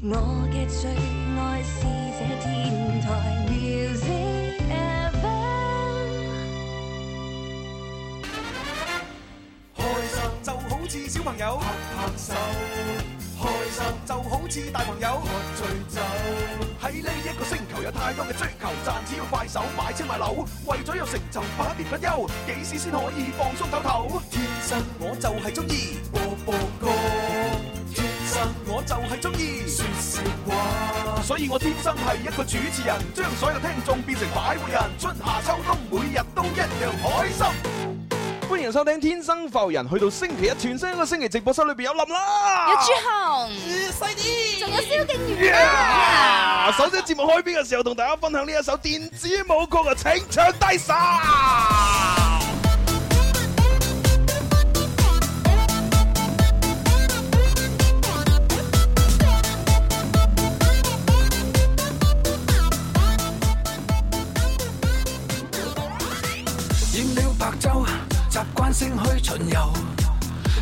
我嘅最愛是這天台 music event，開心就好似小朋友拍拍手，恨恨開心就好似大朋友喝醉酒。喺呢一個星球有太多嘅追求，賺錢要快手，買車買樓，為咗有成就百變不休，幾時先可以放鬆唞唞？天生我就係鍾意播播歌。波波我就係中意說笑話，所以我天生係一個主持人，將所有嘅聽眾變成快活人。春夏秋冬，每日都一樣開心。歡迎收聽《天生快活人》，去到星期一全新一個星期直播室裏邊有林啦，嗯、有朱紅，細啲，仲有蕭敬遠。首先節目開篇嘅時候，同大家分享呢一首電子舞曲啊，請唱低神。習慣性去巡遊，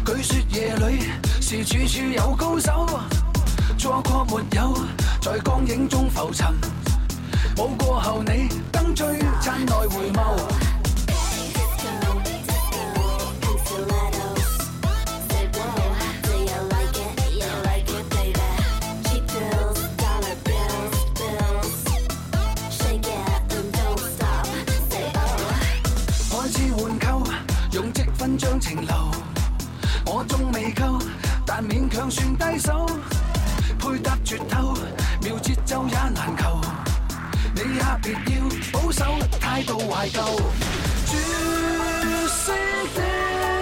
據説夜裡是處處有高手。錯過沒有，在光影中浮沉。舞過後，你燈璀璨內回眸。情流，我仲未夠，但勉強算低手，配搭絕透，妙節奏也難求，你也別要保守態度懷舊絕師傅。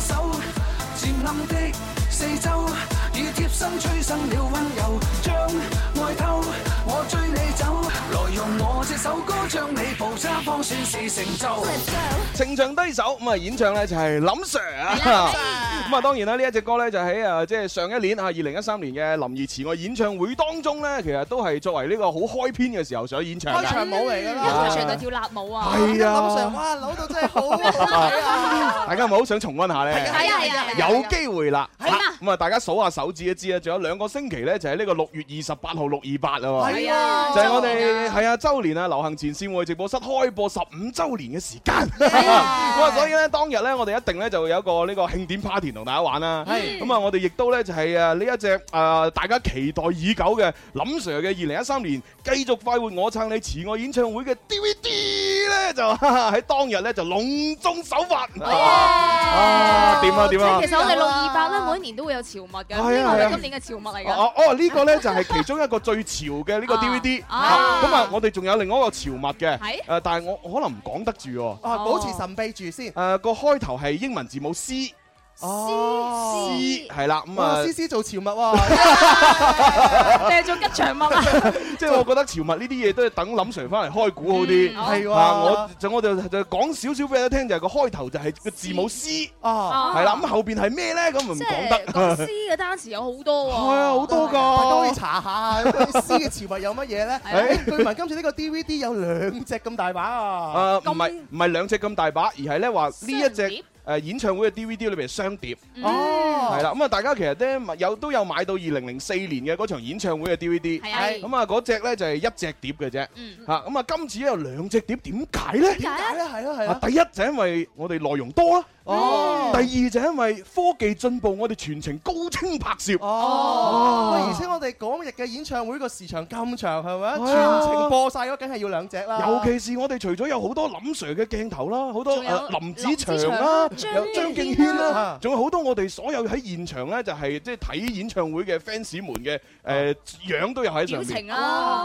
手漸暗的四周，已貼身吹散了溫柔，將愛偷，我追你走。首歌將你菩沙方算是成就。情場低手，咁啊，演唱咧就係林 Sir 啊。咁啊，當然啦，呢一隻歌咧就喺誒即係上一年啊，二零一三年嘅林怡慈愛演唱會當中咧，其實都係作為呢個好開篇嘅時候想演唱。開場舞嚟噶啦，開場就跳立舞啊。係啊，林 Sir 哇，扭到真係好啊！大家係咪好想重溫下咧？係啊係啊！有機會啦。係咁啊，大家數下手指，一知啊仲有兩個星期咧，就係呢個六月二十八號，六二八啊。係啊，就係我哋係啊週年啊。流行前線嘅直播室開播十五周年嘅時間，咁啊，所以咧當日咧，我哋一定咧就會有一個呢個慶典 party 同大家玩啦。咁啊，我哋亦都咧就係啊呢一隻啊大家期待已久嘅林 Sir 嘅二零一三年繼續快活我撐你慈愛演唱會嘅 DVD 咧，就喺當日咧就隆重首發。哇！點啊點啊！其實我哋六二八咧，每年都會有潮物嘅，呢個係今年嘅潮物嚟嘅。哦哦，呢個咧就係其中一個最潮嘅呢個 DVD。咁啊，我哋仲有另外。個潮物嘅，係，誒、呃，但係我我可能唔講得住，啊，保持神秘住先。誒，個開頭係英文字母 C。詩詩係啦，咁啊，詩詩做潮物哇，即係做吉祥物。即係我覺得潮物呢啲嘢都係等林 Sir 翻嚟開估好啲，係喎。我就我哋就講少少俾你聽，就係個開頭就係個字母 C 啊，係啦。咁後邊係咩咧？咁唔講得。即係詩嘅單詞有好多喎。係啊，好多噶，都可以查下啊。詩嘅潮物有乜嘢咧？誒，對唔住，今次呢個 DVD 有兩隻咁大把啊。誒，唔係唔係兩隻咁大把，而係咧話呢一隻。誒、呃、演唱會嘅 DVD 裏邊係雙碟，嗯、哦，係啦，咁、嗯、啊，大家其實咧有都有買到二零零四年嘅嗰場演唱會嘅 DVD，係咁啊，嗰隻咧就係、係、一隻碟嘅啫，嚇，咁啊今次有兩隻碟，點解咧？點解咧？係咯，係啊！第一就係、因為我哋內容多啦。哦，第二就因為科技進步，我哋全程高清拍攝。哦，而且我哋嗰日嘅演唱會個時長咁長，係咪全程播晒咯，梗係要兩隻啦。尤其是我哋除咗有好多林 Sir 嘅鏡頭啦，好多林子祥啦、張敬軒啦，仲有好多我哋所有喺現場咧，就係即係睇演唱會嘅 fans 們嘅誒樣都有喺上面。表情啊！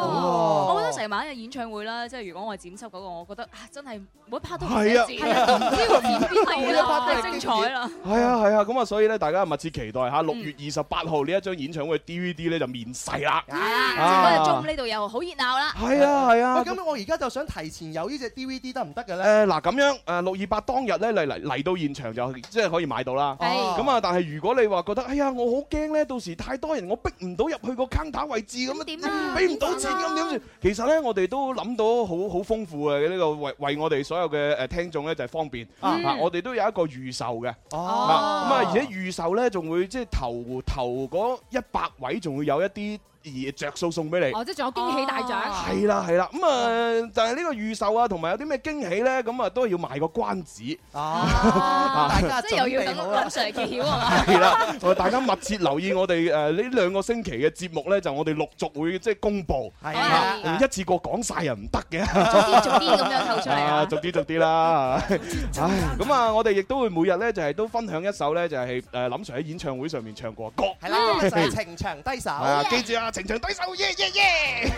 我覺得成晚嘅演唱會啦，即係如果我係剪輯嗰個，我覺得真係每 part 都係嘅係啊，唔知會嗯、精彩啦！係啊係啊，咁、哎、啊，所以咧，大家密切期待嚇。六、啊、月二十八號呢一張演唱會 DVD 咧就面世啦。啊、嗯，今日中午呢度又好熱鬧啦。係啊係啊。喂、哎呀，咁我而家就想提前有 D D 行行呢隻 DVD 得唔得嘅咧？誒嗱、哎，咁樣誒六二八當日咧嚟嚟嚟到現場就即係可以買到啦。係是。咁啊，但係如果你話覺得哎呀，我好驚咧，到時太多人，我逼唔到入去個坑 o 位置咁點咧？俾唔到錢咁點算？樣樣啊、其實咧，我哋都諗到好好豐富嘅呢、這個為為我哋所有嘅誒聽眾咧就方便啊，啊！我哋都有一個。預售嘅，咁、哦、啊，而且預售咧，仲會即係頭頭嗰一百位，仲會有一啲。而著數送俾你，哦，即仲有驚喜大獎，係啦係啦，咁啊，就係呢個預售啊，同埋有啲咩驚喜咧，咁啊，都係要賣個關子，啊，大家即係又要林 Sir 揭曉啊，係啦，大家密切留意我哋誒呢兩個星期嘅節目咧，就我哋陸續會即係公布，係啊，一次過講晒又唔得嘅，早啲早啲咁樣透出嚟啊，早啲早啲啦，咁啊，我哋亦都會每日咧就係都分享一首咧就係誒林 Sir 喺演唱會上面唱過歌，係啦，情長低首，啊，記住啊！情場低手 yeah, yeah, yeah.、嗯，耶耶耶！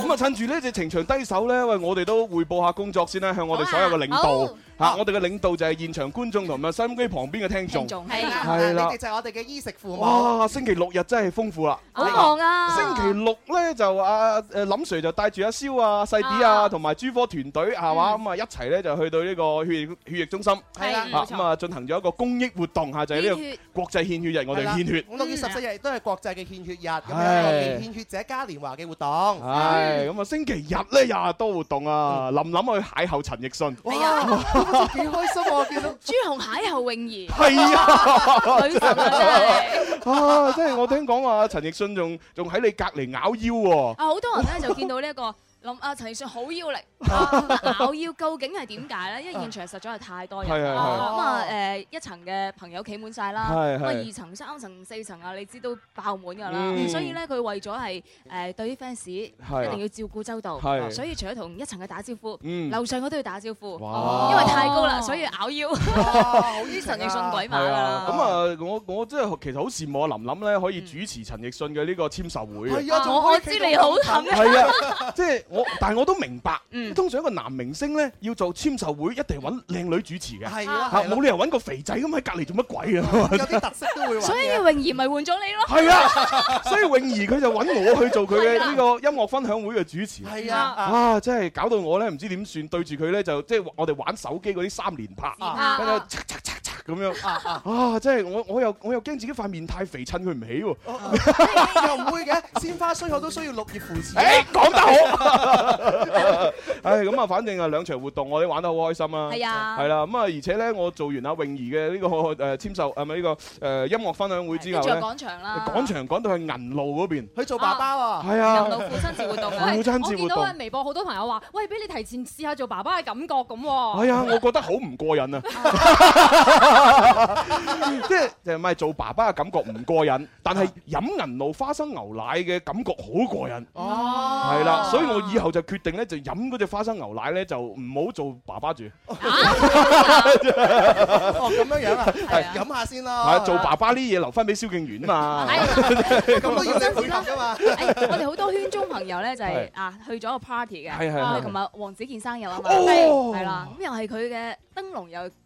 咁啊，趁住呢隻情場低手咧，喂、啊，我哋都匯報下工作先啦，向我哋所有嘅領導。啊！我哋嘅領導就係現場觀眾同埋收音機旁邊嘅聽眾，係啦，你哋就係我哋嘅衣食父母。哇！星期六日真係豐富啦，好忙啊！星期六咧就阿誒林 Sir 就帶住阿蕭啊、細啲啊同埋朱科團隊，係嘛，咁啊，一齊咧就去到呢個血液血液中心，係啦，咁啊進行咗一個公益活動嚇，就係呢個國際獻血日，我哋獻血。六月十四日都係國際嘅獻血日，咁啊後面獻血者嘉年華嘅活動。係，咁啊，星期日咧又係多活動啊！林林去邂逅陳奕迅。係啊！幾 開心喎，見到朱紅邂逅泳兒，係啊， 女神啊！即係、 啊、我聽講啊，陳奕迅仲仲喺你隔離咬腰喎。啊，好、哦、多人咧 就見到呢、這、一個。林啊，陳奕迅好要力咬腰，究竟係點解咧？因為現場實在係太多人，咁啊誒一層嘅朋友企滿晒啦，咁啊二層、三層、四層啊，你知都爆滿㗎啦。所以咧，佢為咗係誒對於 fans 一定要照顧周到，所以除咗同一層嘅打招呼，樓上我都要打招呼，因為太高啦，所以咬腰。呢陳奕迅鬼馬㗎啦。咁啊，我我即係其實好羨慕啊林林咧，可以主持陳奕迅嘅呢個簽售會啊。我知你好恨。係啊，即係。我，但係我都明白，通常一個男明星咧要做簽售會，一定揾靚女主持嘅，嚇冇理由揾個肥仔咁喺隔離做乜鬼呀？有啲特色都會，所以泳兒咪換咗你咯。係啊，所以泳兒佢就揾我去做佢嘅呢個音樂分享會嘅主持。係啊，啊真係搞到我咧唔知點算，對住佢咧就即係我哋玩手機嗰啲三連拍，跟咁樣啊啊啊！真係我我又我又驚自己塊面太肥襯佢唔起喎。又唔會嘅，鮮花雖好都需要綠葉扶持。誒，講得好。唉，咁啊，反正啊兩場活動我哋玩得好開心啊。係啊。係啦，咁啊而且咧，我做完阿泳兒嘅呢個誒簽售係咪呢個誒音樂分享會之後咧，在趕場啦。趕場趕到去銀路嗰邊，去做爸爸喎。係啊。銀路父親節活動。父親節活動。我見到喺微博好多朋友話，喂，俾你提前試下做爸爸嘅感覺咁。係啊，我覺得好唔過癮啊。即係唔係做爸爸嘅感覺唔過癮，但係飲銀露花生牛奶嘅感覺好過癮哦，係啦，所以我以後就決定咧就飲嗰隻花生牛奶咧就唔好做爸爸住。哦咁樣樣啊，係飲下先啦。係做爸爸啲嘢，留翻俾蕭敬遠啊嘛，咁都要配合啦嘛。誒，我哋好多圈中朋友咧就係啊去咗個 party 嘅，係係，同埋黃子健生日啊嘛，係啦，咁又係佢嘅燈籠又。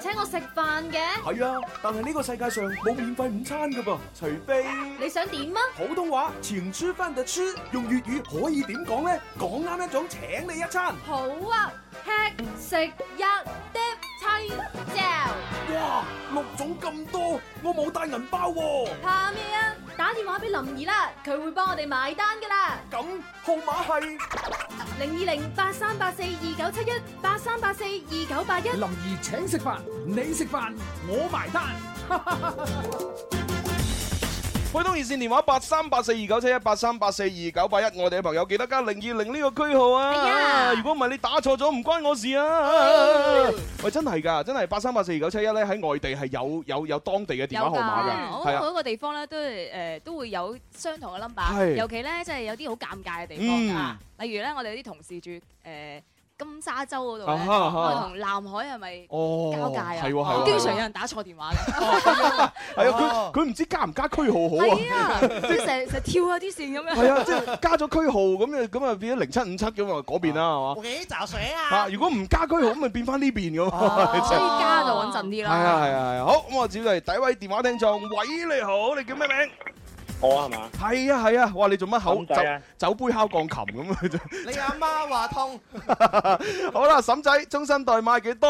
請我食飯嘅，係啊！但係呢個世界上冇免費午餐㗎噃，除非你想點啊？普通話前出翻特出，用粵語可以點講咧？講啱一種請你一餐，好啊，吃食一碟。係，走！哇，六種咁多，我冇帶銀包喎。怕咩啊？打電話俾林兒啦，佢會幫我哋埋單噶啦。咁號碼係零二零八三八四二九七一八三八四二九八一。林兒請食飯，你食飯，我埋單。撥通熱線電話八三八四二九七一八三八四二九八一，我哋嘅朋友記得加零二零呢個區號啊！如果唔係你打錯咗，唔關我事啊！哎、呀喂，真係噶，真係八三八四二九七一咧喺外地係有有有當地嘅電話號碼噶，係啊的，每的一個地方咧都誒、呃、都會有相同嘅 number，是尤其咧即係有啲好尷尬嘅地方啊，嗯、例如咧我哋有啲同事住誒。呃金沙洲嗰度，同南海係咪哦，交界啊？係喎，係經常有人打錯電話嘅。係啊，佢佢唔知加唔加區號好啊，佢成日成日跳下啲線咁樣。係啊，即係加咗區號咁啊，咁啊變咗零七五七咁啊嗰邊啦，係嘛？幾雜水啊？如果唔加區號，咁咪變翻呢邊咁。所以加就穩陣啲啦。係啊係啊，好，咁我接嚟第一位電話聽眾，喂，你好，你叫咩名？我係嘛？係啊係啊！哇，你做乜口酒杯敲鋼琴咁啊？你阿媽話痛。好啦，嬸仔，終身代買幾多？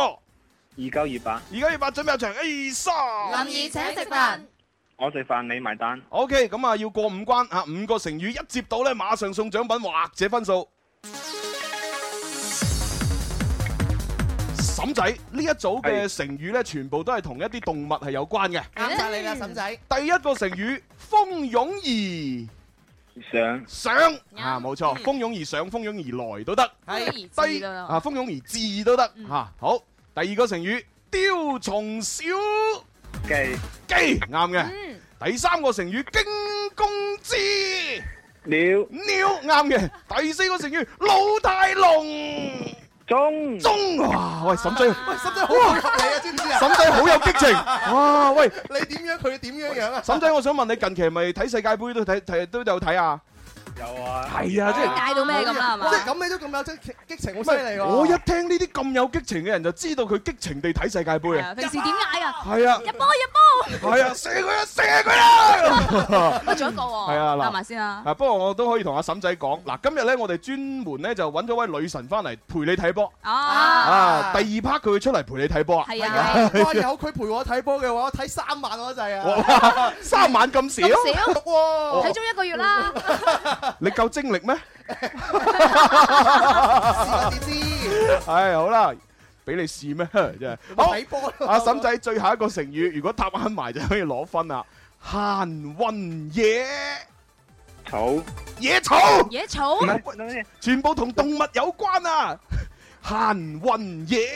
二九二八。二九二八，準備有場 A 三。林姨請食飯。我食飯，你埋單。O K，咁啊，要過五關啊，五個成語一接到咧，馬上送獎品或者分數。嬸仔，呢一組嘅成語咧，全部都係同一啲動物係有關嘅。啱晒你啦，嬸仔。第一個成語。蜂擁而上，上啊，冇錯，蜂擁而上，蜂擁而來都得，係，低，啊，蜂擁而至都得，吓，好，第二個成語雕蟲小技，技，啱嘅，第三個成語驚弓之鳥，鳥，啱嘅，第四個成語老態龍。中中哇！喂，沈仔，喂，沈仔好配合你啊，知唔知啊？沈仔好有激情 哇！喂，你點樣？佢點樣？樣啊？沈仔，我想問你近期係咪睇世界杯都睇睇都，都有睇啊？係啊，即係戒到咩咁啦，係 嘛？即係咁你都咁有激情，好犀利噶！我一聽呢啲咁有激情嘅人，就知道佢激情地睇世界杯啊！平時點解噶？係啊！入波入波！係啊！射佢 啊！射佢啦！喂，仲一個喎！係啊，答埋先啦。啊，不過我都可以同阿嬸仔講，嗱，今日咧我哋專門咧就揾咗位女神翻嚟陪你睇波。哦啊，啊！第二 part 佢會出嚟陪你睇波啊！係啊，有佢陪我睇波嘅話，睇三晚我都制啊！三晚咁少？少哇！睇足一個月啦。 你夠精力咩？試下先，唉，好啦，俾你試咩？真係。好，阿嬸仔最後一個成語，如果答啱埋就可以攞分啦。閒雲野，草野草，野草，野草，全部同動物有關啊。閒雲野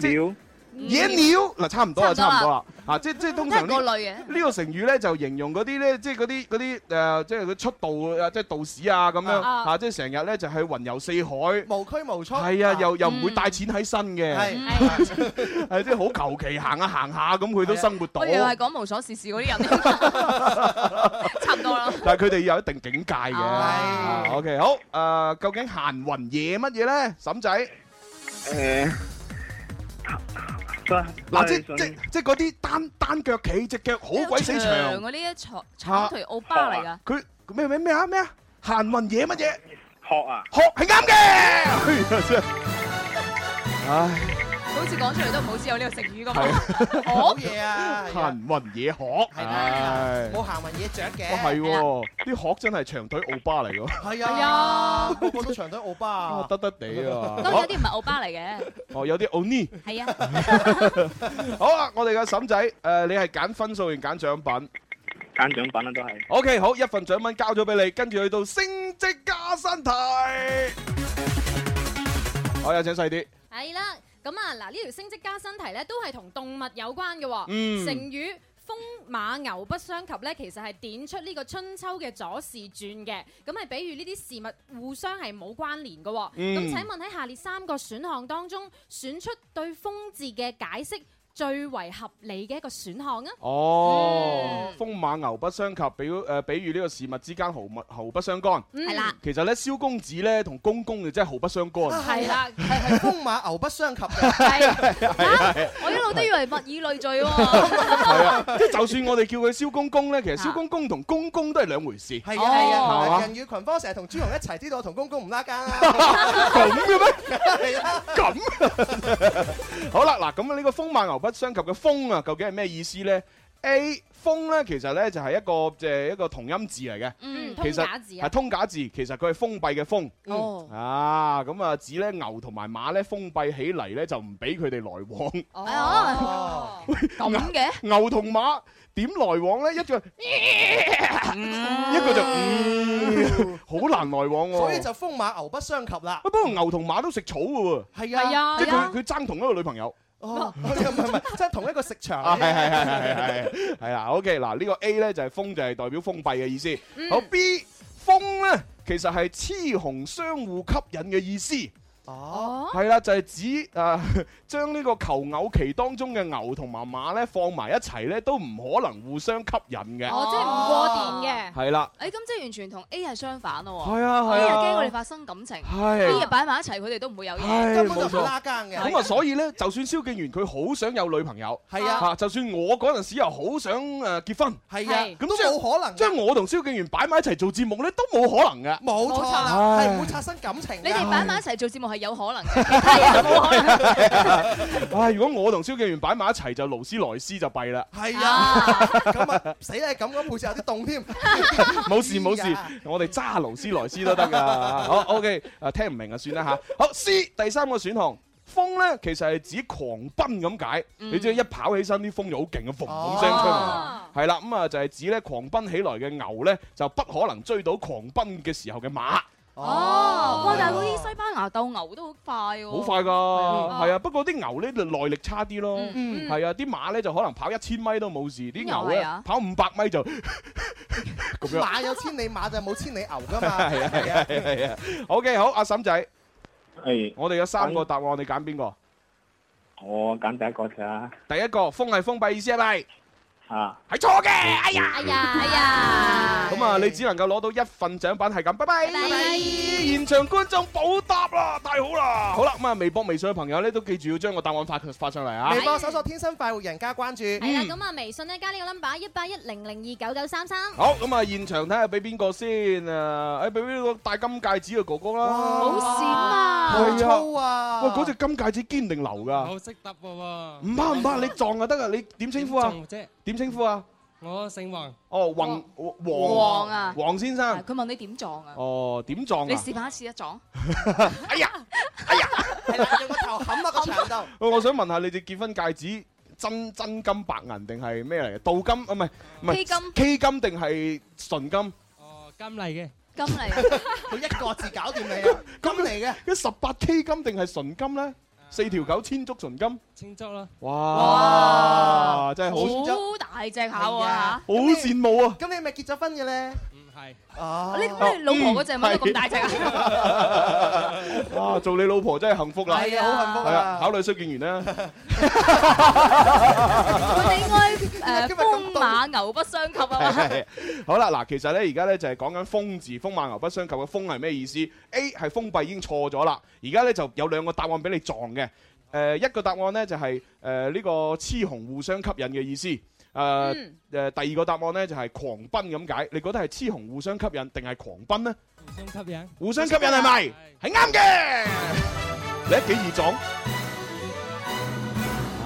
鳥。野鳥嗱，差唔多啊，差唔多啦啊，即即通常呢個類型呢個成語咧，就形容嗰啲咧，即嗰啲嗰啲誒，即佢出道啊，即道士啊咁樣嚇，即成日咧就係雲遊四海，無拘無束，係啊，又又唔會帶錢喺身嘅，係即好求其行下行下咁，佢都生活到，又係講無所事事嗰啲人，差唔多啦。但係佢哋有一定境界嘅。OK，好誒，究竟行雲野乜嘢咧，嬸仔？誒。嗱、啊，即是即即嗰是啲是單單腳企，隻腳好鬼死長，我呢、啊、一才長腿奧巴嚟㗎。佢咩咩咩啊咩啊，行運嘢乜嘢？學啊，學係啱嘅。 唉。好似講出嚟都唔好似有呢個食魚咁。好嘢啊！行雲野鶴，係冇行雲野雀嘅。係喎，啲鶴真係長腿歐巴嚟嘅。係啊，個個都長腿歐巴啊，得得地啊。都有啲唔係歐巴嚟嘅。哦，有啲歐尼。係啊。好啊，我哋嘅嬸仔，誒，你係揀分數定揀獎品？揀獎品啊，都係。O K，好，一份獎品交咗俾你，跟住去到升職加薪題。好啊，有請細啲。係啦。咁啊，嗱呢條升職加薪題咧，都係同動物有關嘅。成語風馬牛不相及咧，其實係點出呢個春秋嘅左氏傳嘅。咁係比喻呢啲事物互相係冇關聯嘅。咁、嗯嗯、請問喺下列三個選項當中，選出對風字嘅解釋。最為合理嘅一個選項啊！哦，風馬牛不相及，比誒比喻呢個事物之間毫物毫不相干。係啦，其實咧，蕭公子咧同公公就真係毫不相干。係啦，係係風馬牛不相及。係係，我一路都以為物以類聚喎。係啊，即係就算我哋叫佢蕭公公咧，其實蕭公公同公公都係兩回事。係啊係啊，人與群分成日同朱紅一齊，知道同公公唔搭噶啦。咁嘅咩？咁好啦，嗱咁呢個風馬牛。不相及嘅封啊，究竟係咩意思咧？A 封咧，其實咧就係一個，即係一個同音字嚟嘅，嗯，通假字啊，係通假字。其實佢係封閉嘅封，啊咁啊，指咧牛同埋馬咧封閉起嚟咧就唔俾佢哋來往，哦咁嘅牛同馬點來往咧？一個一個就好難來往，所以就風馬牛不相及啦。不過牛同馬都食草嘅喎，係啊，即係佢佢爭同一個女朋友。哦，唔係唔係，即係、就是、同一個食場。係係係係係係係啦。 OK，嗱呢、這個 A 咧就係封，就係、是就是、代表封閉嘅意思。Mm. 好 B，風咧其實係雌雄相互吸引嘅意思。哦，係啦，就係指誒將呢個求偶期當中嘅牛同埋馬咧放埋一齊咧，都唔可能互相吸引嘅。哦，即係唔過電嘅。係啦。誒，咁即係完全同 A 係相反咯。係啊係啊。A 係驚我哋發生感情。係。A 係擺埋一齊，佢哋都唔會有嘢，根本就唔拉更嘅。咁啊，所以咧，就算蕭敬源佢好想有女朋友，係啊，嚇，就算我嗰陣時又好想誒結婚，係啊，咁都冇可能。即係我同蕭敬源擺埋一齊做節目咧，都冇可能嘅。冇錯啦，係唔會產生感情。你哋擺埋一齊做節目。係有可能，係 啊，冇可能。唉，如果我同蕭敬員擺埋一齊，就勞斯萊斯就弊啦。係啊，咁啊 死啦！咁咁好似有啲凍添，冇 事冇事，我哋揸勞斯萊斯都得噶。好，OK，啊，聽唔明啊，算啦吓。好，C 第三個選項，風咧其實係指狂奔咁解，嗯、你知一跑起身啲風就好勁啊，風咁聲出嚟，係、嗯、啦，咁啊就係、是、指咧狂奔起來嘅牛咧，就不可能追到狂奔嘅時候嘅馬。哦，哇！但係嗰啲西班牙鬥牛都好快喎，好快噶，係啊。不過啲牛咧就耐力差啲咯，係啊。啲馬咧就可能跑一千米都冇事，啲牛咧跑五百米就咁樣。馬有千里馬就冇千里牛噶嘛。係啊係啊係啊。OK，好，阿嬸仔，係，我哋有三個答案，你揀邊個？我揀第一個咋。第一個封係封閉意思係咪？啊，係錯嘅。哎呀哎呀哎呀！咁啊，你只能夠攞到一份獎品係咁，拜拜！拜拜！現場觀眾補答啦，太好啦！好啦，咁啊，微博、微信嘅朋友咧都記住要將個答案發佢發上嚟啊！微博搜索天生快活人加關注，係啊，咁啊，微信咧加呢個 number 一八一零零二九九三三。好，咁啊，現場睇下俾邊個先啊？誒，俾呢個戴金戒指嘅哥哥啦？好閃啊！粗啊！喂，嗰隻金戒指堅定流㗎？我識得喎。唔怕唔怕，你撞就得啦。你點稱呼啊？撞啫。點稱呼啊？我姓黃，哦黃黃黃啊，黃先生，佢問你點撞啊？哦，點撞？你示範一次一撞。哎呀，哎呀，係攬住個頭冚喺個牆度。我想問下你隻結婚戒指真真金白銀定係咩嚟嘅？鍍金啊？唔係唔係 K 金 K 金定係純金？哦，金嚟嘅，金嚟。佢一個字搞掂你啊！金嚟嘅，一十八 K 金定係純金咧？四條狗千足純金，千足啦！哇，哇真係好，觸好大隻口啊，哇你好羨慕啊！咁你係咪結咗婚嘅咧？係，你你老婆嗰隻貓都咁大隻啊！哇，做你老婆真係幸福啦，係啊，好、啊、幸福啊！啊考慮蘇敬源啦，我哋應該誒，風馬牛不相及 啊嘛、 啊啊。好啦，嗱，其實咧，而家咧就係講緊風字，風馬牛不相及嘅風係咩意思？A 係封閉已經錯咗啦，而家咧就有兩個答案俾你撞嘅。誒、呃，一個答案咧就係誒呢個雌雄互相吸引嘅意思。誒誒，呃嗯、第二個答案咧就係、是、狂奔咁解，你覺得係雌雄互相吸引定係狂奔呢？互相吸引，互相吸引係咪？係啱嘅。你一幾易撞？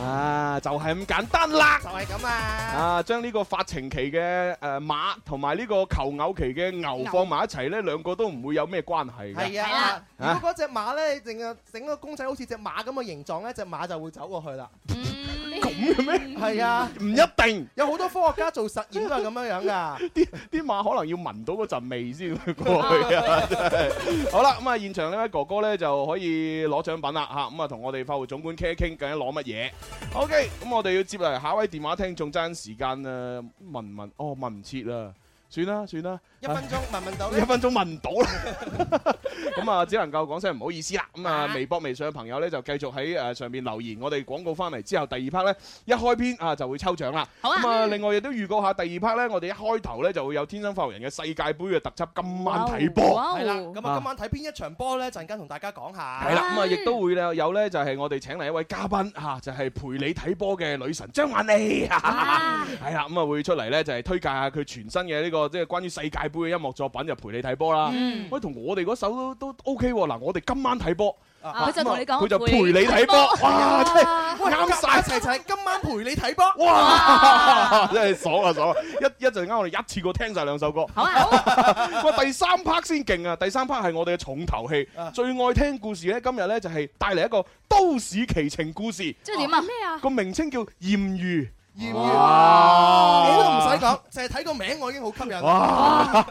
啊，就係、是、咁簡單啦。就係咁啊！啊，將呢個發情期嘅誒、呃、馬同埋呢個求偶期嘅牛放埋一齊咧，兩個都唔會有咩關係嘅。係啊！如果嗰隻馬咧，淨係整個公仔好似隻馬咁嘅形狀咧，隻馬就會走過去啦。嗯唔咩？係啊，唔一定，有好多科學家做實驗都係咁樣樣噶。啲啲 馬可能要聞到嗰陣味先去過去啊。 好啦，咁、嗯、啊現場呢位哥哥咧就可以攞獎品啦嚇，咁啊同我哋法會總管傾一傾究竟攞乜嘢。OK，咁、嗯、我哋要接嚟下一位電話聽眾，爭啲時間啊，問問哦問唔切喇。算啦，算啦，一分鐘問問到你， 一分鐘問唔到啦。咁啊，只能夠講聲唔好意思啦。咁啊、 嗯，微博、微信嘅朋友呢，就繼續喺誒、啊、上邊留言。我哋廣告翻嚟之後，第二 part 呢，一開篇啊就會抽獎啦。咁啊、嗯，另外亦都預告下第二 part 呢，我哋一開頭呢，就會有天生快活人嘅世界盃嘅特輯，今晚睇波。係啦、wow, wow。咁啊，今晚睇邊一場波呢，陣間同大家講下。係啦、嗯。咁啊，亦、嗯哎嗯、都會有呢，就係、是、我哋請嚟一位嘉賓嚇、啊，就係、是、陪你睇波嘅女神張曼莉。係、啊、啦。咁啊、 嗯，會出嚟呢，就係、是、推介下佢全新嘅呢、這個。即係關於世界盃嘅音樂作品就陪你睇波啦，可以同我哋嗰首都都 OK 嗱，我哋今晚睇波，佢就同你講，佢就陪你睇波，哇！啱晒，齊齊今晚陪你睇波，哇！真係爽啊爽啊！一一陣間我哋一次過聽晒兩首歌。好啊。好啊。哇，第三 part 先勁啊！第三 part 係我哋嘅重頭戲，最愛聽故事咧。今日咧就係帶嚟一個都市奇情故事。即係點啊？咩啊？個名稱叫《豔遇》。炎炎啊、哇！我都唔使講，就係睇個名，我已經好吸引。哇！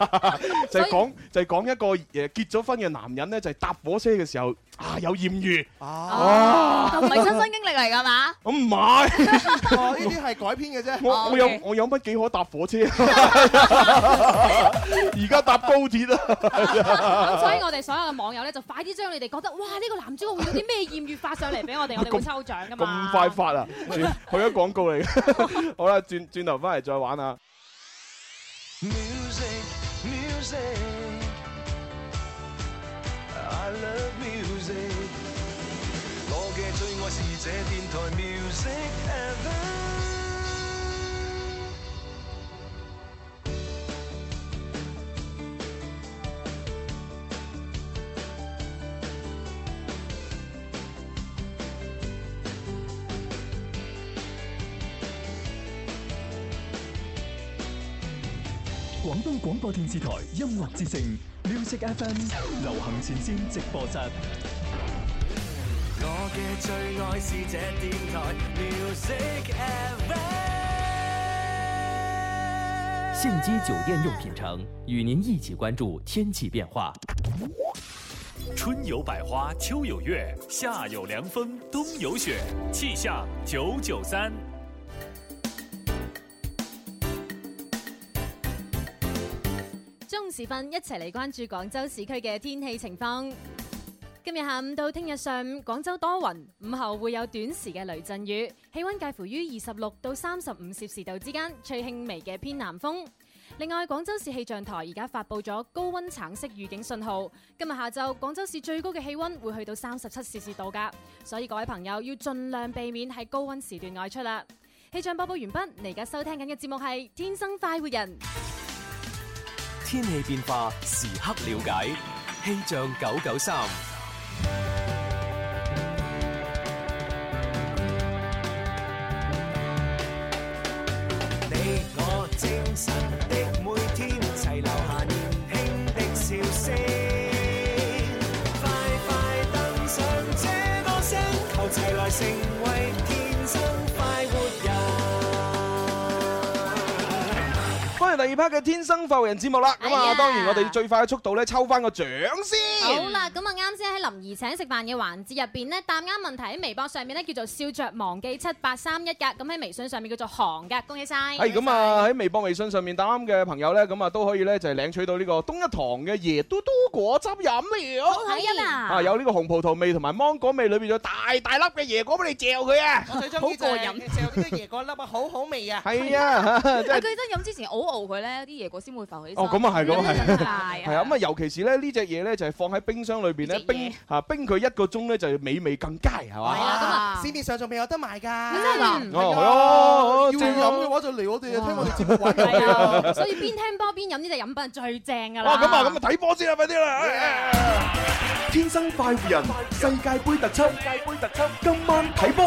就係講以，就係講一個誒結咗婚嘅男人咧，就係搭火車嘅時候。啊有艷遇啊，唔係親身經歷嚟噶嘛？我唔係，呢啲係改編嘅啫。我我有我有乜幾可搭火車？而家搭高鐵啦。咁所以我哋所有嘅網友咧，就快啲將你哋覺得哇呢個男主角會有啲咩艷遇發上嚟俾我哋，我哋會抽獎噶嘛？咁快發啊？去咗廣告嚟嘅。好啦，轉轉頭翻嚟再玩啊。廣東廣播電視台音樂之聲 Music FM 流行前線直播室。最愛是這電台 music 信基酒店用品城，與您一起關注天氣變化。春有百花，秋有月，夏有涼風，冬有雪。氣象九九三。中午時分，一齊嚟關注廣州市區嘅天氣情況。今日下午到聽日上午，廣州多雲，午後會有短時嘅雷陣雨，氣溫介乎於二十六到三十五攝氏度之間，吹輕微嘅偏南風。另外，廣州市氣象台而家發布咗高溫橙色預警信號。今日下晝，廣州市最高嘅氣溫會去到三十七攝氏度噶，所以各位朋友要盡量避免喺高溫時段外出啦。氣象播報完畢，你而家收聽緊嘅節目係《天生快活人》，天氣變化時刻了解，氣象九九三。你我精神。嘩嘅天生快活人節目啦，咁啊當然我哋要最快嘅速度咧抽翻個獎先。好啦，咁啊啱先喺林怡請食飯嘅環節入邊咧答啱問題喺微博上面咧叫做笑著忘記七八三一格，咁喺微信上面叫做行嘅，恭喜曬。係咁啊喺微博、微信上面答啱嘅朋友咧，咁啊都可以咧就係領取到呢個東一堂嘅椰嘟嘟果汁飲料。好吸引啊！啊有呢個紅葡萄味同埋芒果味，裏邊有大大粒嘅椰果俾你嚼佢啊！我最中意就係嚼呢啲椰果粒啊，好好味啊！係啊！啊記得飲之前敖敖佢咧。咧啲椰果先會浮起，哦咁啊係咁係，係啊咁啊，尤其是咧呢隻嘢咧就係放喺冰箱裏邊咧冰吓冰佢一個鐘咧就美味更佳，係嘛？係啊，咁啊，市面上仲未有得賣㗎。嗱，係咯，要飲嘅話就嚟我哋聽我哋節目㗎。所以邊聽波邊飲呢隻飲品最正㗎啦。哇，咁啊咁啊睇波先啦，快啲啦！天生快活人，世界盃特輯，世界盃特輯，今晚睇波。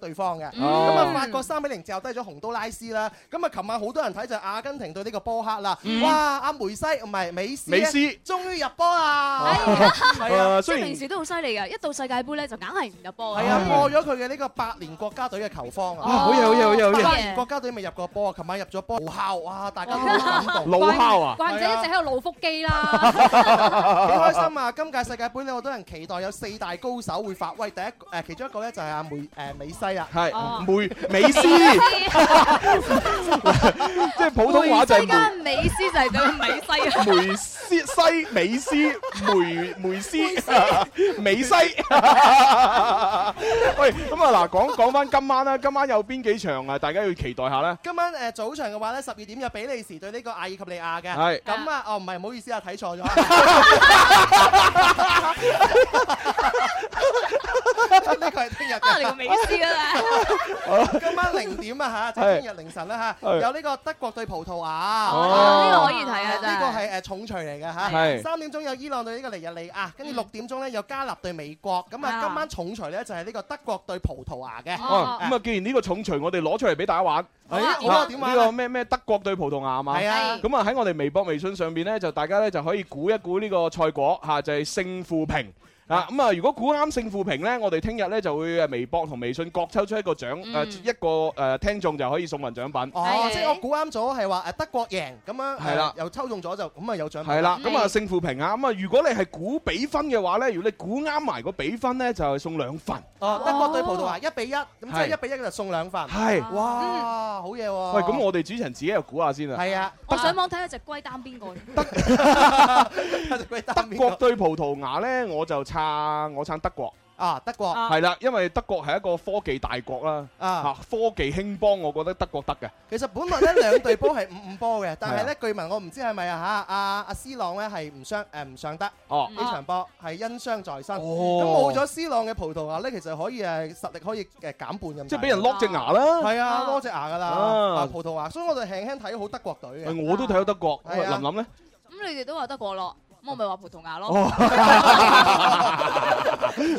對方嘅咁啊，法國三比零掉低咗洪都拉斯啦。咁啊，琴晚好多人睇就阿根廷對呢個波克啦。哇！阿梅西唔係美斯，美斯終於入波啦。係啊，雖然平時都好犀利嘅，一到世界盃咧就硬係唔入波。係啊，破咗佢嘅呢個百年國家隊嘅球荒啊！好嘢，好嘢，好嘢，好嘢！國家隊未入過波啊？琴晚入咗波，老炮哇！大家都好感動啊！或者一直喺度老腹肌啦，幾開心啊！今屆世界盃咧，好多人期待有四大高手會發威。第一誒，其中一個咧就係阿梅誒美西。係，梅美斯，即係普通話就係間美斯就係叫美西，梅斯西美斯梅梅斯美西，喂，咁啊嗱，講講翻今晚啦，今晚有邊幾場啊？大家要期待下咧。今晚誒早場嘅話咧，十二點有比利時對呢個阿爾及利亞嘅。係，咁啊哦唔係，唔好意思啊，睇錯咗，呢個係聽日。啊，你個美斯啊！今晚零點啊，吓就聽日凌晨啦，吓有呢個德國對葡萄牙，呢個可以睇下。呢個係誒重錘嚟嘅吓。係三點鐘有伊朗對呢個尼日利亞，跟住六點鐘咧有加納對美國。咁啊今晚重錘咧就係呢個德國對葡萄牙嘅。咁啊既然呢個重錘，我哋攞出嚟俾大家玩。係啊，好啊，點玩啊？呢個咩咩德國對葡萄牙啊嘛？係啊。咁啊喺我哋微博、微信上邊咧，就大家咧就可以估一估呢個賽果吓，就係勝負平。啊咁啊！如果估啱勝負平咧，我哋聽日咧就會誒微博同微信各抽出一個獎誒一個誒聽眾就可以送份獎品。哦，即係我估啱咗係話誒德國贏咁啊！係啦，又抽中咗就咁啊有獎品。係啦，咁啊勝負平啊！咁啊如果你係估比分嘅話咧，如果你估啱埋個比分咧，就係送兩份。哦，德國對葡萄牙一比一，咁即係一比一就送兩份。係哇，好嘢喎！喂，咁我哋主持人自己又估下先啦！係啊，我上網睇下隻龜擔邊個。德國對葡萄牙咧，我就查。啊！我撐德國啊！德國係啦，因為德國係一個科技大國啦，啊科技興邦，我覺得德國得嘅。其實本來咧兩隊波係五五波嘅，但係咧據聞我唔知係咪啊，阿阿 C 朗咧係唔傷誒唔上得哦，呢場波係因傷在身，咁冇咗 C 朗嘅葡萄牙咧，其實可以誒實力可以誒減半咁。即係俾人 lock 隻牙啦，係啊 lock 隻牙噶啦，葡萄牙，所以我就輕輕睇好德國隊。我都睇好德國，林林咧。咁你哋都話德國咯？咁我咪話葡萄牙咯，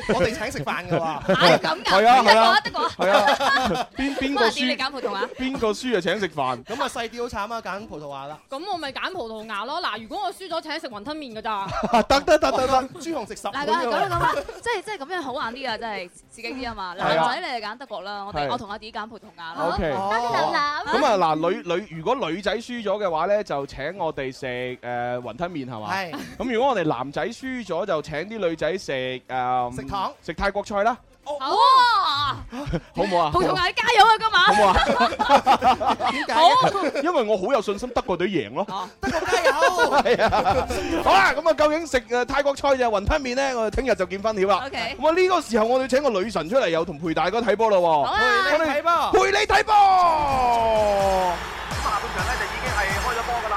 我哋請食飯㗎喎，咁㗋，係啊，得㗎，得㗎，邊邊個輸？阿點你揀葡萄牙？邊個輸就請食飯，咁啊細啲好慘啊，揀葡萄牙啦。咁、嗯、 我咪揀葡萄牙咯，嗱，如果我輸咗請食雲吞麪㗎咋？得得得得得，朱 紅食十 感覺。嗱，咁啊咁啊，即係即係咁樣好玩啲啊，真係刺激啲啊嘛。男仔 你哋揀德國啦，我哋我同阿點揀葡萄牙啦。咁啊嗱，女女如果女仔輸咗嘅話咧，就請我哋食誒雲吞麪係嘛？咁如果我哋男仔輸咗，就請啲女仔食誒食糖食泰國菜啦。哇，好唔好啊？同同你，加油啊，今晚。好啊。點解？好，因為我好有信心德國隊贏咯。德國加油。係啊。好啦，咁啊，究竟食誒泰國菜定係雲吞麪咧？我哋聽日就見分曉啦。O K。咁啊，呢個時候我哋要請個女神出嚟，又同裴大哥睇波啦。陪你睇波。陪你睇波。咁下半場咧就已經係開咗波噶啦。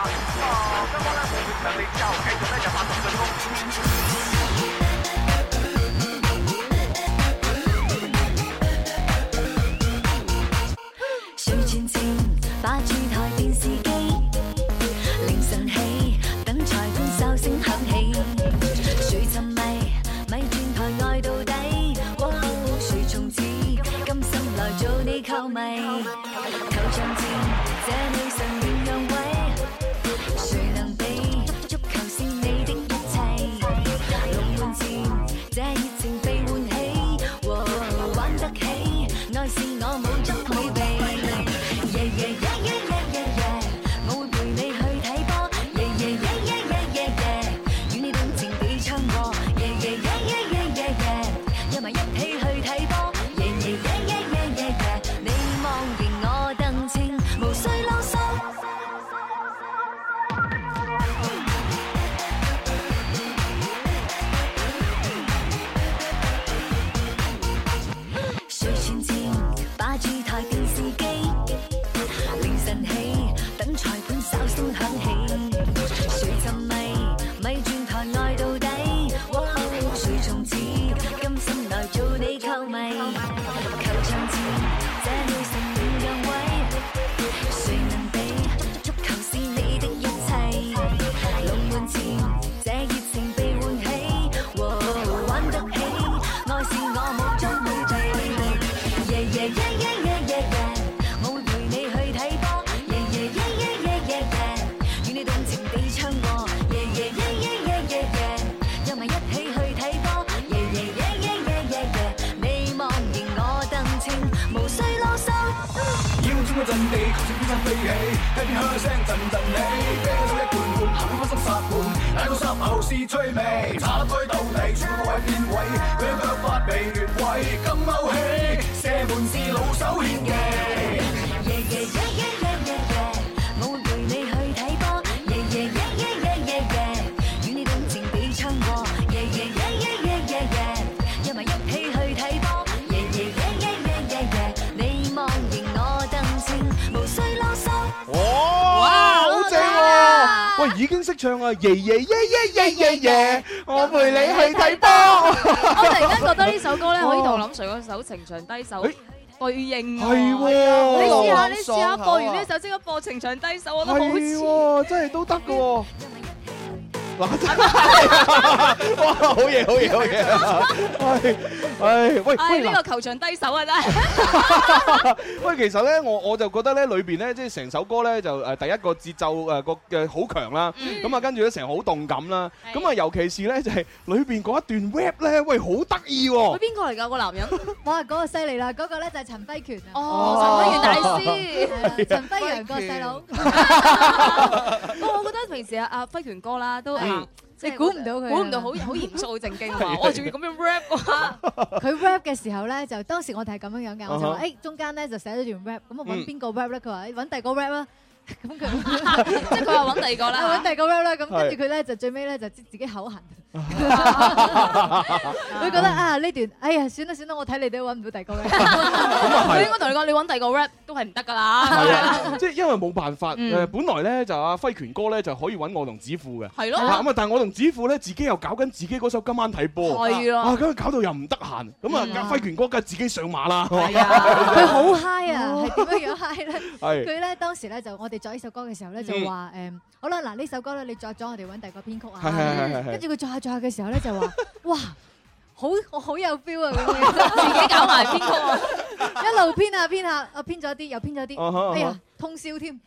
喂，已經識唱啊！耶耶耶耶耶耶耶，耶，耶耶耶耶我陪你去睇波。我突然間覺得呢首歌咧，可以同林 Sir 嗰首《情長低、啊哎嗯試試嗯試試嗯、首，對應、啊。係你試下你試下，播完呢首即刻播《情長低首，我覺得好真係都得嘅喎。哇！好嘢，好嘢，好嘢！哎哎，喂！呢個球場低手啊，真係！喂，其實咧，我我就覺得咧，裏邊咧，即係成首歌咧，就誒第一個節奏誒個嘅好強啦。咁啊，跟住咧成好動感啦。咁啊，尤其是咧，就係裏邊嗰一段 rap 咧，喂，好得意喎！佢邊個嚟㗎？個男人？哇，嗰個犀利啦！嗰個咧就係陳輝權。哦，陳輝權大師，陳輝陽個細佬。不過，我覺得平時啊，阿輝權哥啦，都～ 你估唔到佢，估唔到好好嚴肅、好正經喎！我仲、 啊、要咁樣 rap 喎！佢 rap 嘅時候咧，就當時我哋係咁樣這樣嘅，我就話：誒、哎、中間咧就寫咗段 rap，咁我揾邊個 rap 咧？佢話揾第二個 rap 啦、啊，咁佢即係佢話揾第二個啦，揾第二個 rap 啦。咁跟住佢咧就最尾咧就自己口痕。佢覺得啊呢段，哎呀，算啦算啦，我睇你都揾唔到第個。佢應該同你講，你揾第個 rap 都係唔得㗎啦。即係因為冇辦法，誒，本來咧就阿輝權哥咧就可以揾我同子富嘅。係咯。咁啊，但係我同子富咧自己又搞緊自己嗰首今晚睇波。係咁搞到又唔得閒，咁啊阿輝權哥梗係自己上馬啦。係啊，佢好 high 啊，係點樣 high 咧？佢咧當時咧就我哋作呢首歌嘅時候咧就話誒，好啦嗱呢首歌咧你作咗我哋揾第個編曲啊。係跟住佢作做下嘅時候咧就話：哇，好我好有 feel 啊！自己搞埋編曲，一路編下編下，啊編咗啲，又編咗啲，哎呀，通宵添。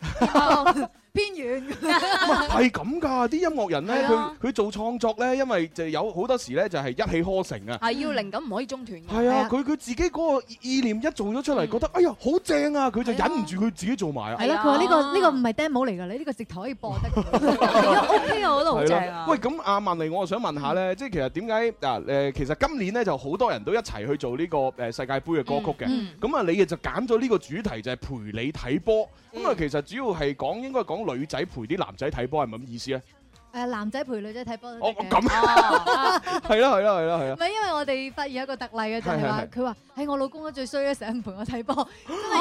偏遠，唔係係咁㗎，啲音樂人咧，佢佢做創作咧，因為就有好多時咧，就係一氣呵成啊，係要靈感唔可以中斷。係啊，佢佢自己嗰個意念一做咗出嚟，覺得哎呀好正啊，佢就忍唔住佢自己做埋啊。係咯，佢話呢個呢個唔係 demo 嚟㗎，你呢個直頭可以播得 OK 啊，我都好正啊。喂，咁阿曼莉，我啊想問下咧，即係其實點解啊？誒，其實今年咧就好多人都一齊去做呢個誒世界盃嘅歌曲嘅，咁啊，你嘅就揀咗呢個主題就係陪你睇波，咁啊，其實主要係講應該講。女仔陪啲男仔睇波係咪咁意思咧？誒，男仔陪女仔睇波。哦，咁係啦，係啦，係啦，係啦。唔係，因為我哋發現一個特例嘅，佢話佢話，係我老公最衰啦，成日唔陪我睇波。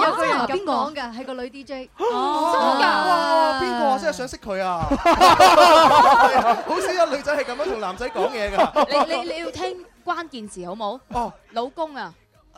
有個人咁講嘅，係個女 DJ。哇！邊個我真係想識佢啊？好少有女仔係咁樣同男仔講嘢噶。你你你要聽關鍵詞好冇？哦，老公啊！係啊，老公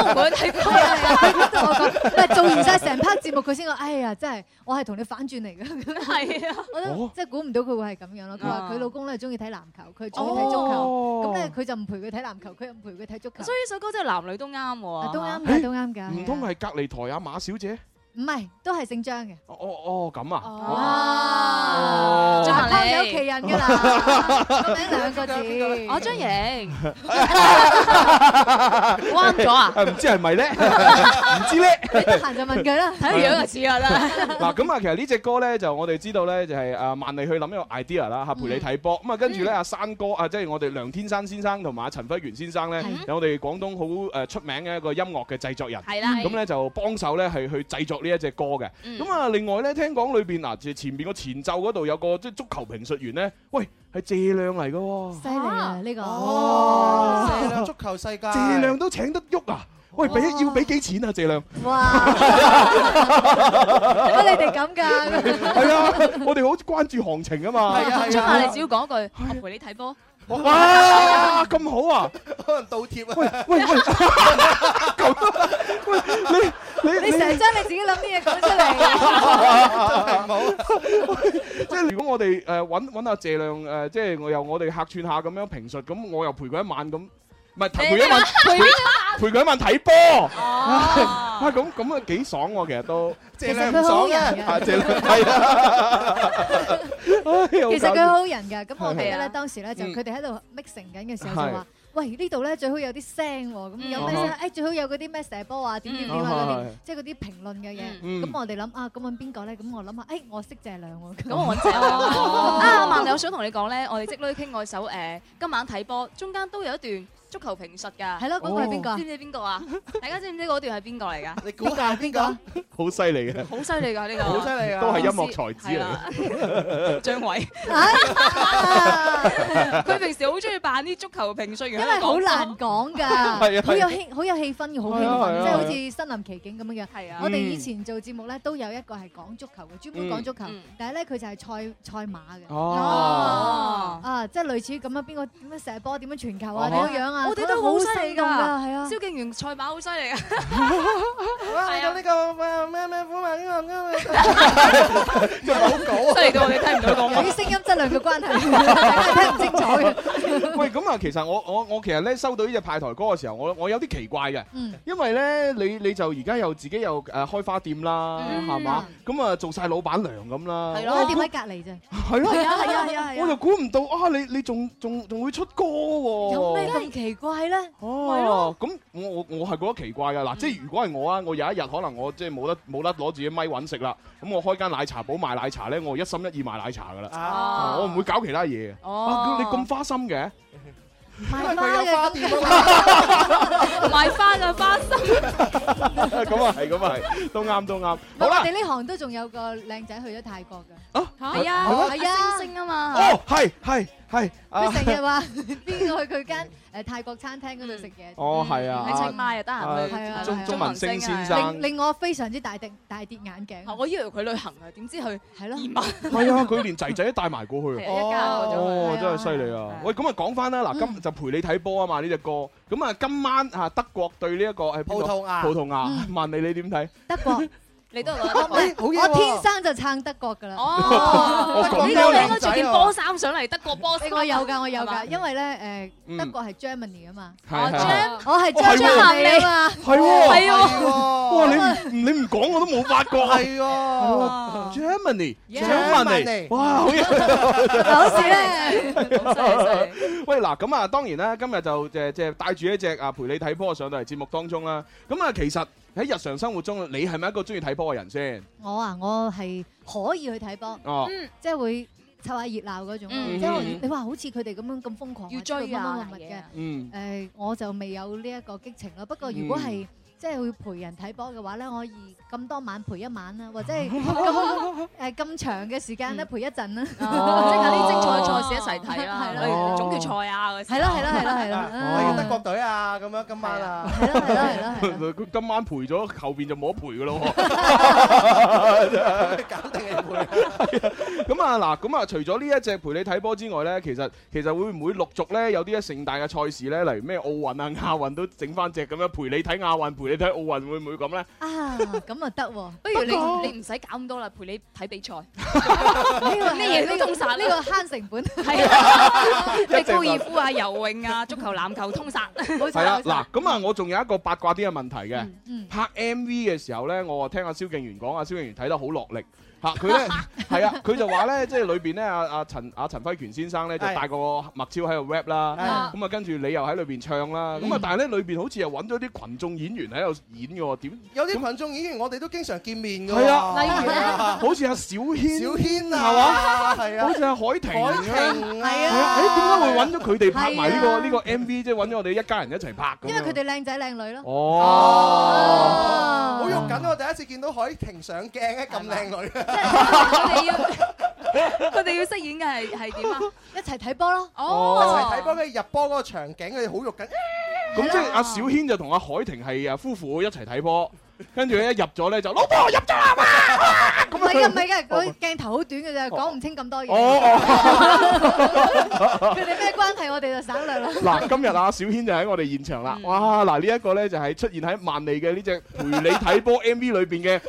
唔敢睇歌嚟噶。唔係做完晒成 part 節目，佢先講，哎呀，真係我係同你反轉嚟噶。係 啊，我覺得即係估唔到佢會係咁樣咯。佢話佢老公咧中意睇籃球，佢中意睇足球，咁咧佢就唔陪佢睇籃球，佢又唔陪佢睇足球。所以呢首歌真係男女都啱喎，啊。都啱嘅，解都啱㗎。唔通係隔離台阿、啊、馬小姐？唔係，都係姓張嘅。哦哦咁啊！哦，撞翻你屋企人㗎啦！我名兩個字，我張瑩。彎咗啊？唔知係咪咧？唔知咧。得閒就問佢啦，睇下樣就似啦。嗱咁啊，其實呢隻歌咧，就我哋知道咧，就係啊曼莉去諗一個 idea 啦，嚇，陪你睇波。咁啊跟住咧，阿山哥啊，即係我哋梁天山先生同埋陳輝元先生咧，有我哋廣東好誒出名嘅一個音樂嘅製作人。係啦。咁咧就幫手咧係去製作。呢一隻歌嘅，咁啊，另外咧，聽講裏邊嗱，前面前邊個前奏嗰度有個即係足球評述員咧，喂，係謝亮嚟嘅，犀利啊呢、這個，謝亮、哦、足球世界，謝亮都請得喐啊，喂，俾要俾幾錢啊謝亮，哇，乜你哋咁噶？係 啊，我哋好關注行情啊嘛，張啊！ 你只要講句 我陪你睇波。哇，咁好啊！可能倒貼啊！喂喂喂，咁，喂你你你成日將你自己諗啲嘢講出嚟啊！真係唔好。即係如果我哋誒揾揾阿謝亮誒，即係我由我哋客串下咁樣評述，咁我又陪佢一晚咁，唔係陪一晚陪佢一晚睇波。啊咁咁啊幾爽喎！其實都謝亮唔爽嘅，謝亮係啊。其實佢好人㗎，咁我哋咧當時咧就佢哋喺度 mixing 緊嘅時候就話：喂呢度咧最好有啲聲，咁有咩聲？誒最好有嗰啲咩射波啊，點點點啊嗰啲，即係嗰啲評論嘅嘢。咁我哋諗啊，咁揾邊個咧？咁我諗啊，誒我識謝亮咁我謝啊曼莉，我想同你講咧，我哋即女傾我首誒今晚睇波，中間都有一段。足球評述噶，係咯？嗰個係邊個？知唔知邊個啊？大家知唔知嗰段係邊個嚟噶？你估下邊個？好犀利嘅，好犀利噶呢個，好犀利噶，都係音樂才子啊！張偉，佢平時好中意扮啲足球評述嘅，因為好難講噶，好有氣，好有氣氛嘅，好興奮，即係好似身臨其境咁樣樣。係啊！我哋以前做節目咧，都有一個係講足球嘅，專門講足球，但係咧佢就係賽賽馬嘅。哦，啊，即係類似咁樣，邊個點樣射波？點樣傳球啊？點樣啊？我哋都好犀利噶，係啊！蕭敬融賽馬好犀利噶，係啊！呢個啊咩咩虎啊，呢個好狗，犀利到你聽唔到講嘢，我啲聲音質量嘅關係，聽唔清楚 喂，咁啊，其實我我我其實咧收到呢隻派台歌嘅時候，我我有啲奇怪嘅，因為咧你你就而家又自己又誒、啊、開花店啦，係嘛、嗯？咁啊做晒老闆娘咁啦，點解隔離啫，係啊係啊，我就估唔到啊！你你仲仲仲會出歌喎、啊，有咩好奇？奇怪咧，哦，咁我我我係覺得奇怪噶，嗱，即係如果係我啊，我有一日可能我即係冇得冇得攞自己咪揾食啦，咁我開間奶茶鋪賣奶茶咧，我一心一意賣奶茶噶啦，我唔會搞其他嘢嘅。哇，你咁花心嘅，賣花嘅，賣花嘅花心，咁啊係，咁啊係，都啱都啱，好啦，你呢行都仲有個靚仔去咗泰國嘅，係啊，係啊，星星啊嘛，哦，係係。係，佢成日話邊個去佢間誒泰國餐廳嗰度食嘢？哦，係啊，你請埋又得閒去。中中文星先生令令我非常之大跌大跌眼鏡。我以為佢旅行啊，點知佢係咯移民。係啊，佢連仔仔都帶埋過去。哦，真係犀利啊！喂，咁啊講翻啦，嗱，今就陪你睇波啊嘛，呢隻歌。咁啊今晚嚇德國對呢一個係葡萄牙，葡萄牙，問你你點睇？德國。你都我天生就撐德國噶啦！哦，你我著件波衫上嚟，德國波衫。我有噶，我有噶，因為咧誒，德國係 Germany 啊嘛，我 Jam，我係 Jammy 啊嘛，係喎，係喎，哇！你唔你唔講我都冇發覺係喎，Germany，Germany，哇！好事咧，喂嗱，咁啊，當然啦，今日就即係即係帶住一隻啊，陪你睇波上到嚟節目當中啦。咁啊，其實。喺日常生活中，你係咪一個中意睇波嘅人先？我啊，我係可以去睇波，嗯，oh. 即係會湊下熱鬧嗰種。嗯、mm，即、hmm. 係你話好似佢哋咁樣咁瘋狂，要追啊乜嘢嘅。嗯的，誒、呃，我就未有呢一個激情喇。不過如果係、mm hmm. 即係會陪人睇波嘅話咧，我可以。咁多晚陪一晚啊，或者係咁誒，咁長嘅時間咧陪一陣啦，即係啲精彩嘅賽事一齊睇啦，係咯，總決賽啊，係咯係咯係咯係咯，德國隊啊，咁樣今晚啊，係咯係咯係咯，佢今晚陪咗，後邊就冇得陪噶咯，搞定咁啊嗱，咁啊除咗呢一隻陪你睇波之外咧，其實其實會唔會陸續咧有啲啊盛大嘅賽事咧，例如咩奧運啊、亞運都整翻隻咁樣陪你睇亞運，陪你睇奧運，會唔會咁咧？啊，咁啊得，不如你、啊、你唔使搞咁多啦，陪你睇比賽。呢、 呢個咩嘢都通殺，呢、 呢個慳、呢個呢個、成本。係啊，即高爾夫啊、游泳啊、足球、籃球、籃球通殺。係啊，嗱，咁啊， 我仲有一個八卦啲嘅問題嘅，嗯、拍 M V 嘅時候咧，我啊聽阿蕭敬源講，阿蕭敬源睇得好落力。啊！佢咧，係啊，佢就話咧，即係裏邊咧，阿阿陳阿陳輝權先生咧就帶個麥超喺度 rap 啦，咁啊跟住你又喺裏邊唱啦，咁啊但係咧裏邊好似又揾咗啲羣眾演員喺度演嘅喎，點有啲羣眾演員我哋都經常見面嘅，係啊，例如好似阿小軒，小軒係嘛？係啊，好似阿海婷，海婷係啊，誒點解會揾咗佢哋拍埋呢個呢個 MV，即係揾咗我哋一家人一齊拍咁樣，因為佢哋靚仔靚女咯，哦，好用緊，我第一次見到海婷上鏡嘅咁靚女。佢哋 要，佢哋要飾演嘅係係點啊？ 一齊睇波咯，哦、oh,！一齊睇波，跟住入波嗰個場景，佢好肉緊。咁 即係阿小軒就同阿海婷係啊夫婦一齊睇波。跟住咧一入咗咧就老婆入咗啦！唔係啊唔係啊， 嗰個鏡頭好短嘅啫， 講唔清咁多嘢。哦哦，佢哋咩關係？我哋就省略啦。嗱，今日啊，小軒就喺我哋現場、嗯、啦。哇！嗱 耶，呢一個咧就係出現喺曼莉嘅呢隻陪你睇波 M V 裏邊嘅誒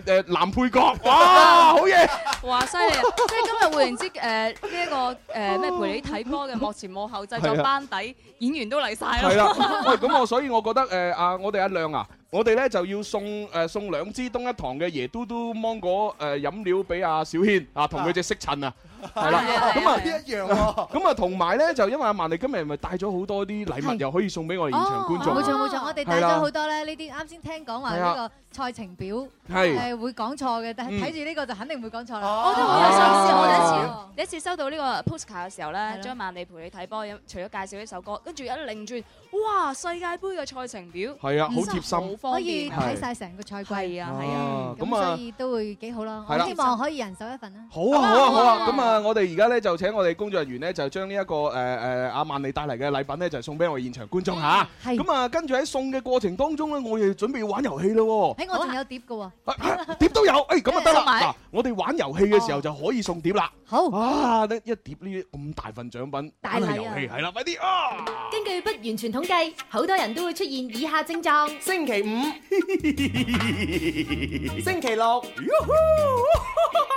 誒男配角。哇！好嘢，哇，犀利。所以今日會唔知，誒呢一個誒咩、呃、陪你睇波嘅幕前， 幕前幕後製作班底的演員都嚟晒咯。係啦的，喂、 嗯，咁我所以我覺得誒啊，我哋阿亮啊。我哋呢就要送誒、呃、送兩支東一堂嘅椰嘟嘟芒果誒飲、呃、料俾阿小軒啊，同佢隻識襯啊！啊係啦，咁啊一樣喎。咁啊同埋咧，就因為阿曼莉今日咪帶咗好多啲禮物，又可以送俾我哋現場觀眾。冇錯冇錯，我哋帶咗好多咧。呢啲啱先聽講話呢個賽程表係會講錯嘅，但係睇住呢個就肯定唔會講錯啦。我都冇有收過第一次，第一次收到呢個 postcard 嘅時候咧，張曼莉陪你睇波，除咗介紹呢首歌，跟住一擰轉，哇！世界盃嘅賽程表係啊，好貼心，好方便，可以睇曬成個賽季，係啊係啊。咁啊，所以都會幾好咯。希望可以人手一份啦。好啊好啊好啊，咁啊～我哋而家咧就請我哋工作人員咧就將、這個呃啊、呢一個誒誒阿曼莉帶嚟嘅禮品咧就送俾我哋現場觀眾吓，咁啊，是啊跟住喺送嘅過程當中咧，我哋準備要玩遊戲咯。誒、哎，我仲有碟噶喎、啊啊，碟都有，誒、哎、咁啊得啦，我哋玩遊戲嘅時候就可以送碟啦。哦、好啊，一一碟呢啲咁大份獎品，大禮啊！遊戲係啦，快啲、啊、根據不完全統計，好多人都會出現以下症狀：星期五， 星期六。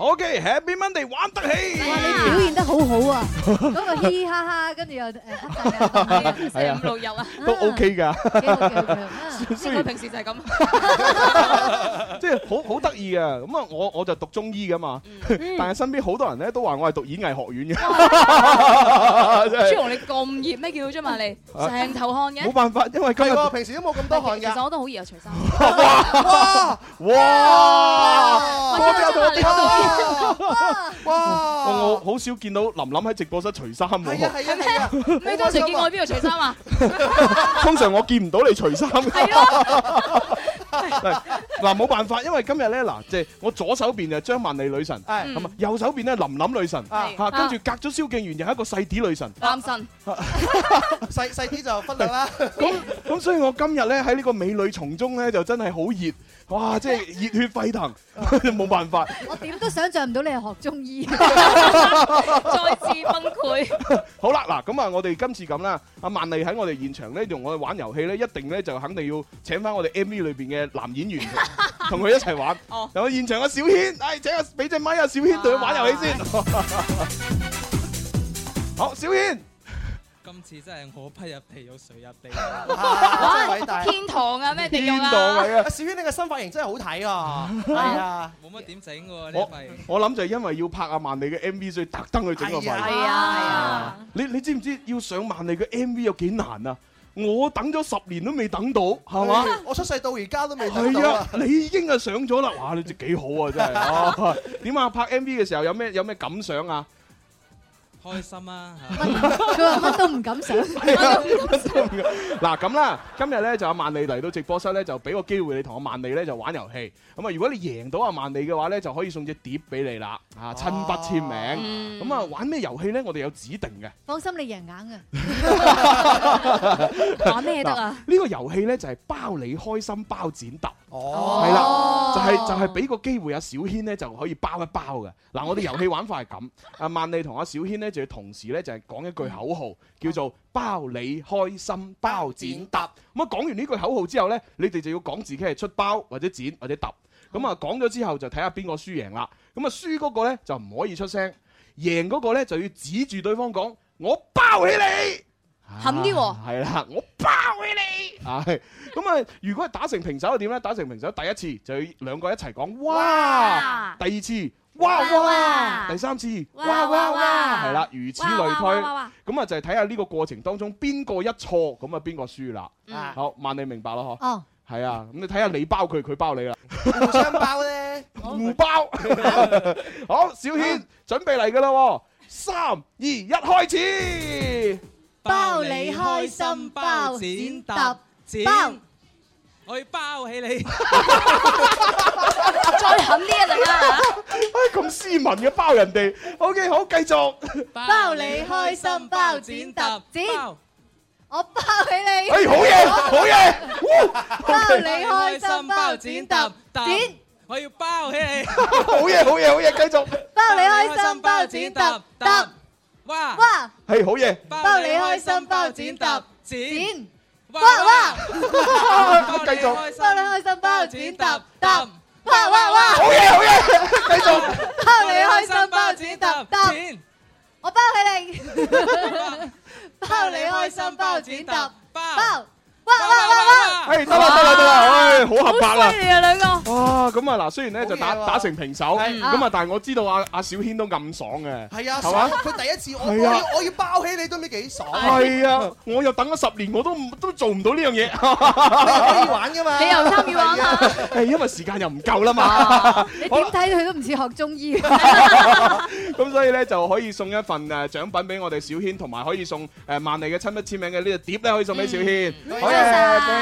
O.K.happy Monday 玩得起，哇！你表現得好好啊，嗰個嘻嘻哈哈，跟住又誒四五六日啊，都 O.K. 噶，所以平時就係咁，即係好好得意嘅。咁啊，我我就讀中醫嘅嘛，但係身邊好多人咧都話我係讀演藝學院嘅。朱紅你咁熱咩？叫張曼莉，成頭汗嘅。冇辦法，因為佢平時都冇咁多汗嘅。其實我都好熱啊，除衫。哇哇，我都有同你溝到。哇，我好少見到琳琳喺直播室除衫喎。係啊，係你當時見我邊度除衫啊？通常我見唔到你除衫。嗱，冇辦法，因為今日咧嗱，即係我左手邊就張曼莉女神，咁啊，右手邊咧琳琳女神，吓，跟住隔咗蕭敬源又係一個細啲女神。男神。細細啲就忽略啦。咁咁，所以我今日咧喺呢個美女叢中咧，就真係好熱。哇！即係熱血沸騰，冇 辦法。我點都想象唔到你係學中醫， 再次崩潰。 好啦，嗱咁啊，我哋今次咁啦，阿曼莉喺我哋現場咧，同我哋玩遊戲咧，一定咧就肯定要請翻我哋 MV 裏邊嘅男演員同佢一齊玩。 哦，有個現場嘅小軒，誒、哎、請俾隻咪啊，小軒同佢玩遊戲先。啊、 好，小軒。真係我不入地獄誰入地獄？真偉大！天堂啊，咩地獄啊？小娟，你個新髮型真係好睇啊！係 啊，冇乜點整喎呢個髮型。我諗就係因為要拍阿曼莉嘅 MV，所以特登去整個髮型。啊係、哎、呀啊！啊你你知唔知要上曼莉嘅 MV 有幾難啊？我等咗十年都未等到，係嘛？ 我出世到而家都未等到。啊！ 你已經係上咗啦，哇！你哋幾好啊，真係啊！點啊？拍 MV 嘅時候有咩有咩感想啊？開心啊！佢話乜都唔敢想 呀，乜都唔開心。嗱咁啦，今日咧就阿曼莉嚟到直播室咧，就俾個機會你同阿曼莉咧就玩遊戲。咁啊，如果你贏到阿曼莉嘅話咧，就可以送隻碟俾你啦，啊親筆簽名。咁啊，嗯、玩咩遊戲咧？我哋有指定嘅。放心，你贏，你贏硬嘅。玩咩得啊？呢、啊呢個遊戲咧就係包你開心包剪揼。哦、啊，係啦，就係、是、就係、是、俾個機會阿小軒咧就可以包一包嘅。嗱、啊，我哋遊戲玩法係咁，阿曼莉同阿小軒咧。就要同時咧，就係講一句口號，叫做包你開心包剪揼。咁啊、嗯，講完呢句口號之後咧，你哋就要講自己係出包或者剪或者揼。咁啊、嗯，講咗之後就睇下邊個輸贏啦。咁啊，輸嗰個咧就唔可以出聲，贏嗰個咧就要指住對方講：我包起你，冚啲喎。係啦、嗯，我包起你。係。咁啊，如果係打成平手點咧？打成平手第一次就要兩個一齊講：哇！哇第二次。哇哇！第三次，哇哇哇！係啦，如此類推，咁啊就係睇下呢個過程當中邊個一錯，咁啊邊個輸啦？好，萬你明白咯嗬？哦，係啊，咁你睇下你包佢，佢包你啦，互包咧，唔包。好，小軒準備嚟噶啦，三二一開始，包你開心，包剪揼剪。我包起你，再狠啲啊你啊！哎，咁斯文嘅包人哋，OK，好繼續。包你開心，包剪揼，剪。我包起你。哎，好嘢，好嘢。包你開心，包剪揼，揼。我要包起你。好嘢，好嘢，好嘢，繼續。包你開心，包剪揼，揼。哇哇。係好嘢。包你開心，包剪揼，剪。哇哇！繼續，包你開心，包剪揼，包，哇哇哇！好嘢好嘢，繼續，包你開心，包剪揼，包，我包佢哋，包你開心，包剪揼，包。得啦得啦，哎得啦得啦得啦，哎好合拍啊！好犀利啊兩個。哇咁啊嗱，雖然咧就打打成平手，咁啊但係我知道阿阿小軒都咁爽嘅。係啊，係嘛？佢第一次，我我要我要包起你都唔知幾爽。係啊，我又等咗十年，我都都做唔到呢樣嘢。可以玩噶嘛？你又參與玩？係因為時間又唔夠啦嘛。你點睇佢都唔似學中醫。咁所以咧就可以送一份誒獎品俾我哋小軒，同埋可以送誒曼莉嘅親筆簽名嘅呢個碟咧，可以送俾小軒。多謝，多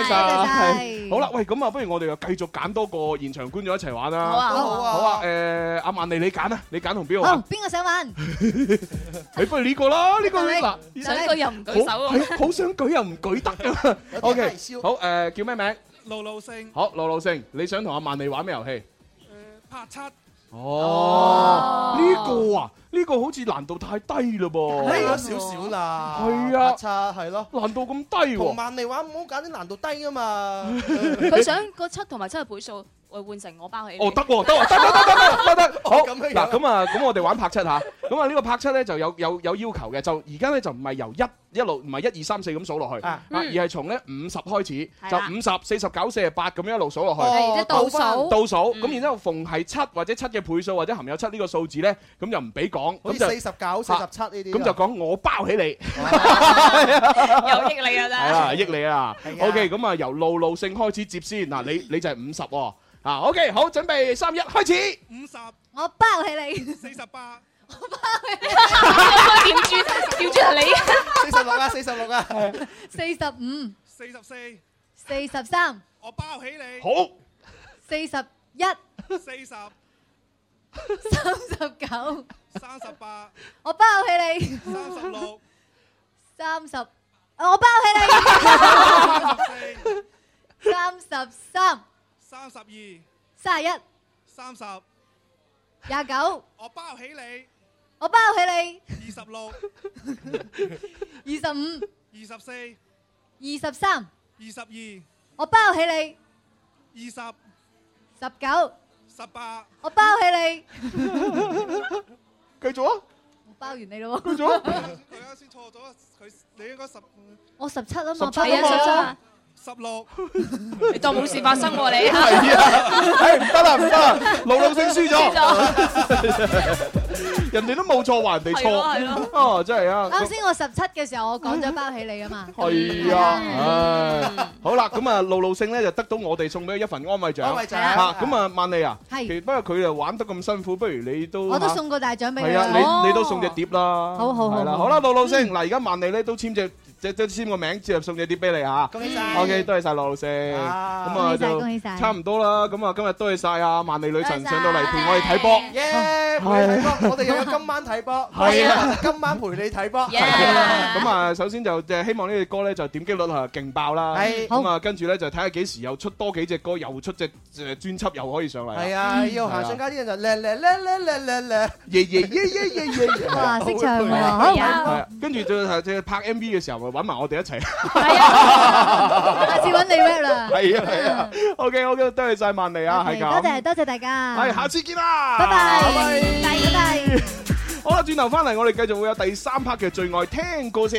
謝，好啦，喂，咁啊，不如我哋又繼續揀多個現場觀眾一齊玩啦。都好啊，好啊，誒，阿曼莉，你揀啦，你揀同邊個？邊個想玩？你不如呢個啦，呢個嗱，想舉又唔舉手，好想舉又唔舉得啊，OK，好誒，叫咩名？盧路勝，好，盧路勝，你想同阿曼莉玩咩遊戲？誒，拍七，哦，呢個啊。呢個好似難度太低嘞噃，低咗少少啦，係啊，差、啊，係咯渣，難度咁低喎、啊。同曼莉玩唔好揀啲難度低啊嘛，佢、 嗯、想個七同埋七嘅倍數。會換成我包起哦得喎得喎得得得得得得，好嗱咁啊咁我哋玩拍七嚇咁啊呢個拍七咧就有有有要求嘅，就而家咧就唔係由一一路唔係一二三四咁數落去，而係從咧五十開始，就五十四十九四十八咁一路數落去，倒數倒數咁然之後逢係七或者七嘅倍數或者含有七呢個數字咧，咁就唔俾講。咁就四十九四十七呢啲咁就講我包起你，有益你啊真係益你啊。OK 咁啊由路路勝開始接先嗱，你你就係五十喎。啊，OK，好，準備三一，開始，五十，我包起你，四十八，我包起你點轉？點轉係你？四十六啊，四十六啊，四十五，四十四，四十三，我包起你，好，四十一，四十，三十九，三十八，我包起你，三十六，三十，我包起你，三十三。三十二，三十一，三十，廿九，我包起你，我包起你，二十六，二十五，二十四，二十三，二十二，我包起你，二十，十九，十八，我包起你，繼續啊，我包完你咯，繼續啊，佢啱先錯咗，佢你應該十五。我十七啊嘛，包到十七。濕咯，你當冇事發生過，你係啊？哎唔得啦，唔得啦，路路星輸咗，人哋都冇錯話人哋錯，哦真係啊，啱先我十七嘅時候我講咗包起你啊嘛，係啊，唉，好啦，咁啊路路星咧就得到我哋送俾佢一份安慰獎，安慰獎，吓咁啊曼莉啊，係，不過佢又玩得咁辛苦，不如你都，我都送個大獎俾你，係啊，你你都送隻碟啦，好好好，好啦路路星，嗱而家曼莉咧都簽隻。即即簽個名，之後送隻碟俾你嚇。恭喜曬，OK，多謝曬羅老師。咁啊，就差唔多啦。咁啊，今日多謝曬啊萬里女神上到嚟陪我哋睇波。Yeah，陪睇波，我哋有得今晚睇波。係啊，今晚陪你睇波。係啊。咁啊，首先就就希望呢隻歌咧就點擊率係勁爆啦。係。咁啊，跟住咧就睇下幾時又出多幾隻歌，又出隻誒專輯又可以上嚟。係啊，要行上街啲人就嚟嚟嚟嚟嚟嚟嚟，爺爺爺爺爺爺。識唱喎，跟住就就拍 MV 嘅時候。揾埋我哋一齊，係啊，下次揾你 rap 啦，係啊，係啊，OK，OK，okay, okay, 多謝晒曼莉啊，係，okay, 多謝，多謝大家，係，哎，下次見啦，拜拜，拜拜，拜拜，好啦，轉頭翻嚟，我哋繼續會有第三 part 嘅最愛聽故事。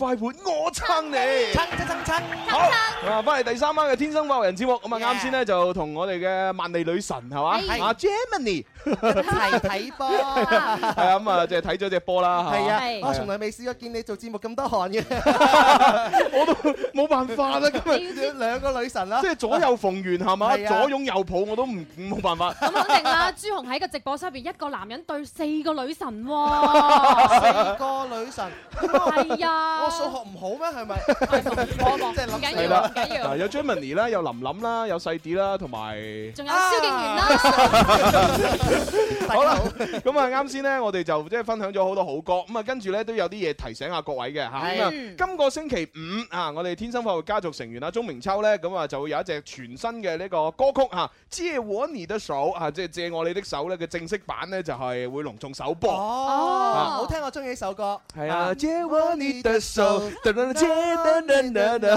快活我撐你，撐撐撐撐撐。撐撐撐好，啊，翻嚟第三晚嘅天生快活人節目，咁啊，啱先咧就同我哋嘅曼莉女神係嘛，啊 Jammy。一齊睇波，係啊咁啊，即係睇咗隻波啦吓。係啊，我從來未試過見你做節目咁多汗嘅。我都冇辦法啦，咁啊，兩個女神啦，即係左右逢源係嘛，左擁右抱我都唔冇辦法。咁肯定啦，朱紅喺個直播室入邊，一個男人對四個女神，四個女神係啊，我數學唔好咩？係咪？即係諗起啦。有 Jennie 啦，有林林啦，有細啲啦，同埋仲有蕭敬堯啦。好啦，咁啊，啱先咧，我哋就即係分享咗好多好歌，咁啊，跟住咧都有啲嘢提醒下各位嘅吓。咁啊，今個星期五啊，我哋天生快活人家族成員啦，鍾明秋咧，咁啊就會有一隻全新嘅呢個歌曲吓，借我你的手吓，即係借我你的手咧嘅正式版咧就係會隆重首播。哦，好聽，我中意呢首歌。係啊，借我你的手，借得得得得。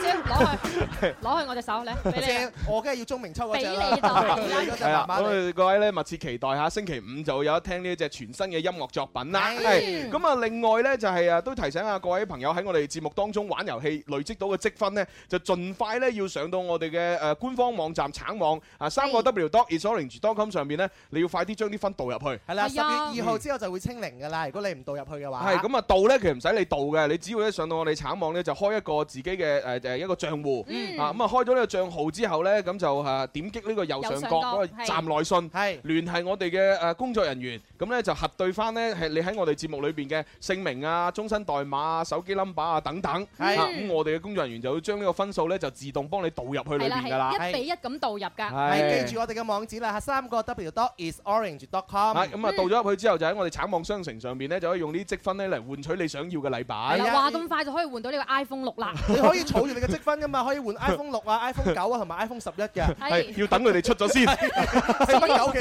先攞去，攞去我隻手咧，俾你先。我梗係要鍾明秋嗰隻。俾你咗，嗰隻慢慢。各位。咧，密切期待下星期五就有一聽呢一隻全新嘅音樂作品啦。係咁啊！另外咧就係啊，都提醒下各位朋友喺我哋節目當中玩遊戲累積到嘅積分咧，就盡快咧要上到我哋嘅誒官方網站橙網啊，三個 W dot orange dot com 上面咧，你要快啲將啲分導入去。係啦，十月二號之後就會清零噶啦。如果你唔導入去嘅話，係咁啊，導咧其實唔使你導嘅，你只要一上到我哋橙網咧就開一個自己嘅誒誒一個賬戶啊。咁啊開咗呢個賬號之後咧，咁就啊點擊呢個右上角嗰個站內信，聯繫我哋嘅誒工作人員，咁咧就核對翻呢。係你喺我哋節目裏邊嘅姓名啊、終身代碼啊、手機 number 啊等等。係，咁我哋嘅工作人員就會將呢個分數呢就自動幫你導入去裏面㗎啦。係啦係，一比一咁導入㗎。係，記住我哋嘅網址啦嚇，三個 w dot is orange dot com。係，咁啊導咗入去之後就喺我哋橙網商城上面呢，就可以用呢積分呢嚟換取你想要嘅禮品。係話咁快就可以換到呢個 iPhone 六啦。你可以儲住你嘅積分㗎嘛，可以換 iPhone 六啊、iPhone 九啊同埋 iPhone 十一嘅。係，要等佢哋出咗先。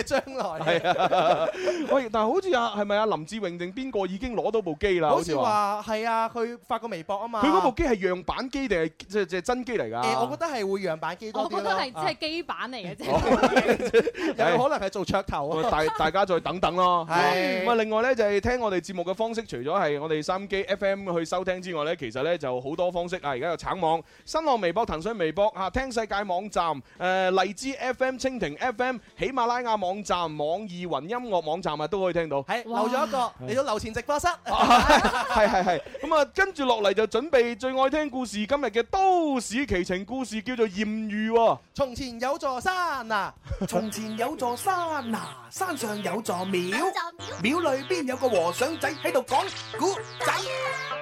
將來係啊！喂，但係好似阿係咪阿林志穎定邊個已經攞到部機啦？好似話係啊，佢發個微博啊嘛。佢嗰部機係樣板機定係即係即係真機嚟㗎？誒，我覺得係會樣板機多啲，我覺得係即係機板嚟嘅啫。有冇可能係做噱頭啊？大大家再等等咯。係咁啊！另外咧就係聽我哋節目嘅方式，除咗係我哋收音機 FM 去收聽之外咧，其實咧就好多方式啊！而家有橙網、新浪微博、騰訊微博嚇、聽世界網站、誒荔枝 FM、蜻蜓 FM、喜馬拉雅網。網站、網易雲音樂網站啊都可以聽到。係留咗一個嚟，到樓前直播室，係係係，咁啊跟住落嚟就準備最愛聽故事，今日嘅都市奇情故事叫做艷遇啊。從前有座山啊，從前有座山啊，山上有座廟，廟 裏邊有個和尚仔喺度講古仔。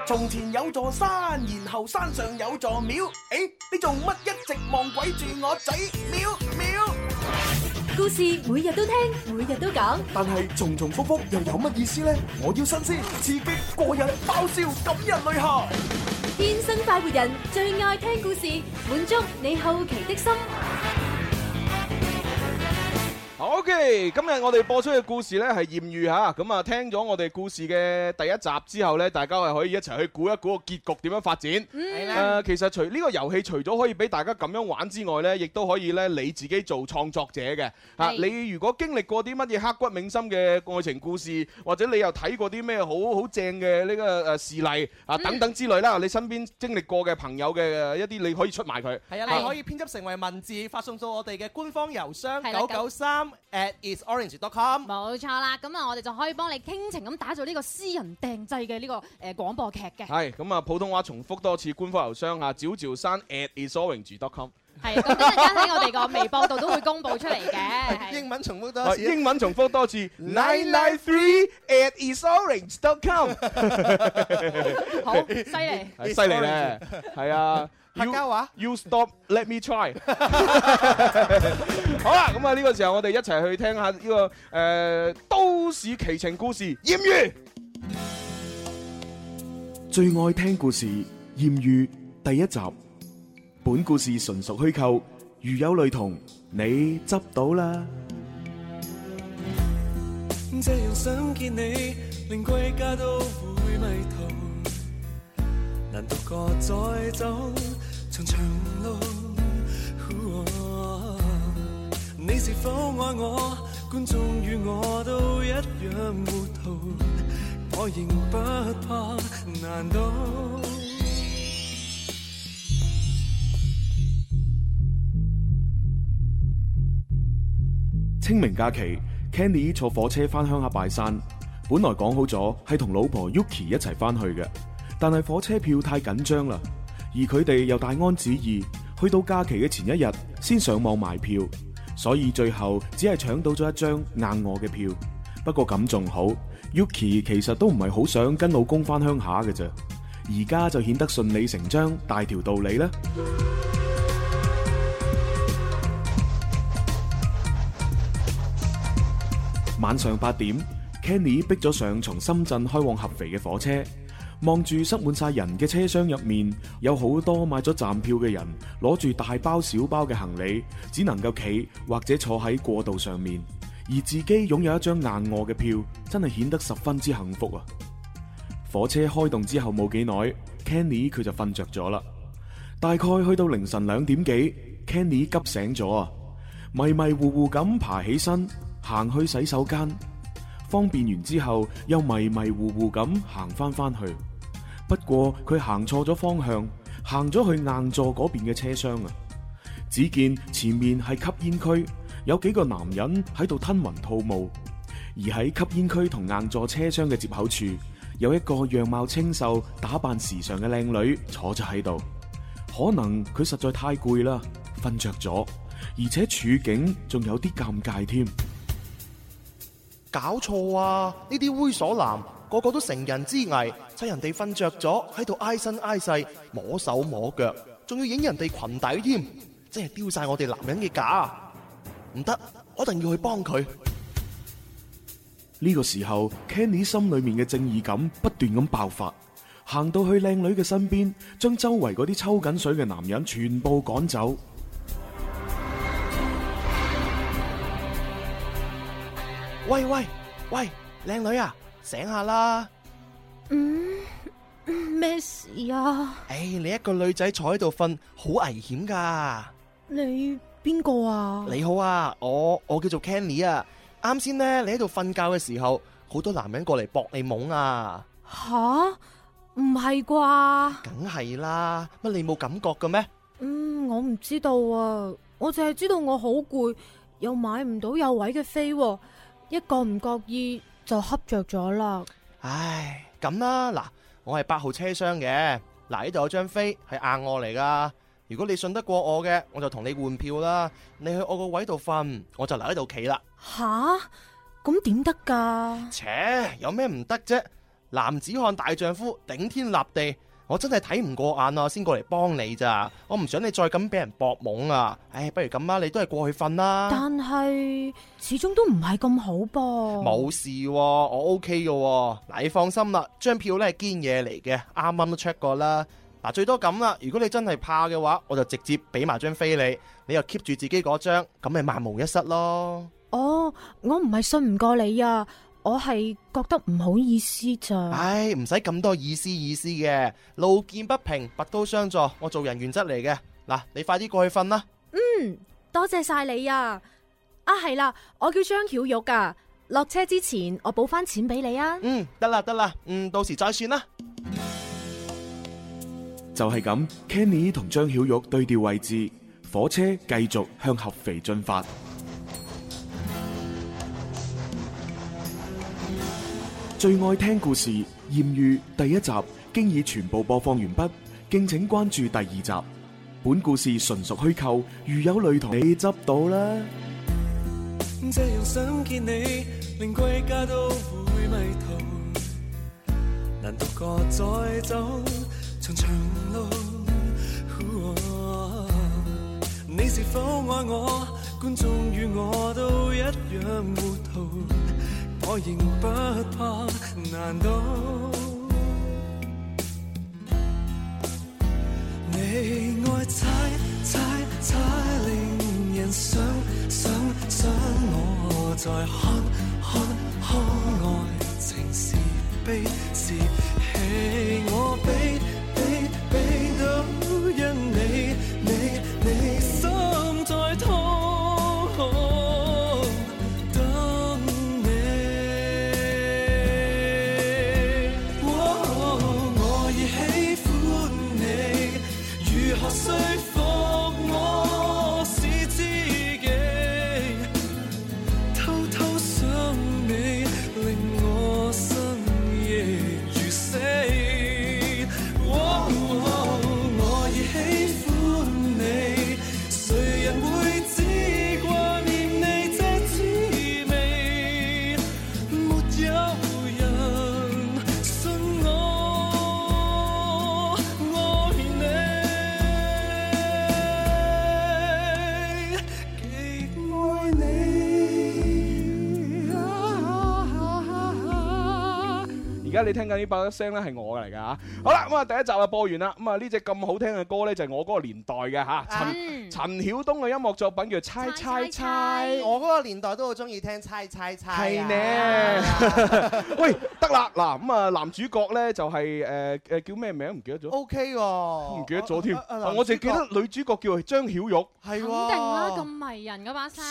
從前有座山，然後山上有座廟，誒、欸，你做乜一直望鬼住我仔廟廟？故事每日都聽，每日都講，但係重重複複又有乜意思呢？我要新鮮、刺激、過癮、爆笑、感人淚下。天生快活人最愛聽故事，滿足你好奇的心。O.K. 今日我哋播出嘅故事咧，係豔遇吓，咁啊聽咗我哋故事嘅第一集之後咧，大家係可以一齊去估一估個結局點樣發展。誒，其實除呢個遊戲除咗可以俾大家咁樣玩之外咧，亦都可以咧你自己做創作者嘅吓。你如果經歷過啲乜嘢刻骨銘心嘅愛情故事，或者你又睇過啲咩好好正嘅呢個誒事例啊等等之類啦，你身邊經歷過嘅朋友嘅一啲你可以出賣佢，係啊你可以編輯成為文字發送到我哋嘅官方郵箱九九三。at isorange dot com，冇錯啦，咁啊我哋就可以幫你傾情咁打造呢個私人定制嘅呢個誒廣播劇嘅。係咁啊普通話重複多次官方郵箱啊，趙趙山 at isorange dot com。係咁陣間喺我哋個微博度都會公布出嚟嘅。英文重複多次，英文重複多次，nine nine three at isorange dot com。好犀利，犀利咧，係啊。要交話？You stop. Let me try. 好啦，咁啊，呢個時候我哋一齊去聽下呢個誒《都市奇情故事》艷遇。最愛聽故事，艷遇第一集。本故事純屬虛構，如有雷同，你執到啦。長路，你是否愛我？觀眾與我都一樣糊塗，我仍不怕難度。清明假期，Kenny 坐火車翻鄉下拜山。本來講好咗係同老婆 Yuki 一齊翻去嘅，但係火車票太緊張啦。而佢哋又大安旨意去到假期嘅前一日先上網買票，所以最後只係搶到咗一張硬卧嘅票。不過咁仲好，Yuki 其實都唔係好想跟老公翻鄉下嘅啫，而家就顯得順理成章大條道理啦。 晚上八點，Kenny 逼咗上從深圳開往合肥嘅火車。望住塞滿晒人嘅車廂入面，有好多買咗站票嘅人，攞住大包小包嘅行李，只能夠企或者坐喺過道上面，而自己擁有一張硬臥嘅票，真係顯得十分之幸福啊！火車開動之後冇幾耐，Kenny 佢就瞓着咗啦。大概去到凌晨兩點幾，Kenny 急醒咗啊，迷迷糊糊咁爬起身，行去洗手間。方便完之後，又迷迷糊糊咁行翻翻去。不過佢行錯咗方向，行咗去硬座嗰邊嘅車廂啊！只見前面係吸煙區，有幾個男人喺度吞雲吐霧。而喺吸煙區同硬座車廂嘅接口處，有一個樣貌清秀、打扮時尚嘅靚女坐咗喺度。可能佢實在太攰啦，瞓着咗，而且處境仲有啲尷尬添。搞錯啊！呢啲猥瑣男個個都成人之危，趁人哋瞓着咗喺度挨身挨世，摸手摸腳，仲要影人哋裙底添，真係丟晒我哋男人嘅架！唔得，我一定要去幫佢。呢個時候，Kenny 心裏面嘅正義感不斷咁爆發，行到去靚女嘅身邊，將周圍嗰啲抽緊水嘅男人全部趕走。喂喂喂，靚女啊，醒下啦！嗯，咩事啊？誒、哎，你一個女仔坐喺度瞓，好危險噶！你邊個啊？你好啊，我我叫做 Kenny 啊。啱先咧，你喺度瞓覺嘅時候，好多男人過嚟搏你懵啊！吓，唔係啩？梗係啦，乜你冇感覺嘅咩？嗯，我唔知道啊，我淨係知道我好攰，又買唔到有位嘅飛、啊。一個唔覺意就恰着咗啦！唉，咁啦，嗱，我係八號車廂嘅，嗱，呢度有張飛係硬卧嚟噶，如果你信得過我嘅，我就同你換票啦。你去我個位度瞓，我就留喺度企啦。吓，咁點得噶？扯，有咩唔得啫？男子漢大丈夫，頂天立地。我真係睇唔過眼啊，先過嚟幫你咋？我唔想你再咁俾人搏懵啊！唉、哎，不如咁啦，你都係過去瞓啦。但係始終都唔係咁好噃。冇事、啊，我 OK 嘅。嗱，你放心啦、啊，張票咧係堅嘢嚟嘅，啱啱都 check 過啦。嗱，最多咁啦。如果你真係怕嘅話，我就直接俾埋張飛你，你又 keep 住自己嗰張，咁咪萬無一失咯。哦，oh，我唔係信唔過你啊。我係覺得唔好意思咋？唉，唔使咁多意思意思嘅，路見不平拔刀相助，我做人原則嚟嘅。嗱、啊，你快啲過去瞓啦。嗯，多謝晒你啊！啊，係啦，我叫張曉玉噶、啊。落車之前，我補翻錢俾你啊。嗯，得啦得啦，嗯，到時再算啦。就係咁，Kenny 同張曉玉對調位置，火車繼續向合肥進發。最愛聽故事《艷遇》第一集，經已全部播放完畢，敬請關注第二集。本故事純屬虛構，如有雷同你，你執到啦。這樣想見你，連歸家都會迷途，難獨個再走長長路。你是否愛我？觀眾與我都一樣糊塗。我仍不怕，難道你愛猜猜猜，令人想想想，我再看看看，愛情是悲是喜，我比比比都因你你你心在痛。你聽緊呢把聲咧係我嘅嚟㗎嚇，嗯、好啦咁啊、嗯、第一集啊播完啦。咁啊呢隻咁好聽嘅歌咧就係、是、我嗰個年代嘅嚇。啊昨啊陳曉東嘅音樂作品叫猜猜猜，我嗰個年代都好中意聽猜猜猜啊！係咧，喂，得啦，嗱，咁啊，男主角咧就係誒誒叫咩名唔記得咗？O K 喎，唔記得咗添。我淨係記得女主角叫張曉玉，係肯定啦，咁迷人嗰把聲。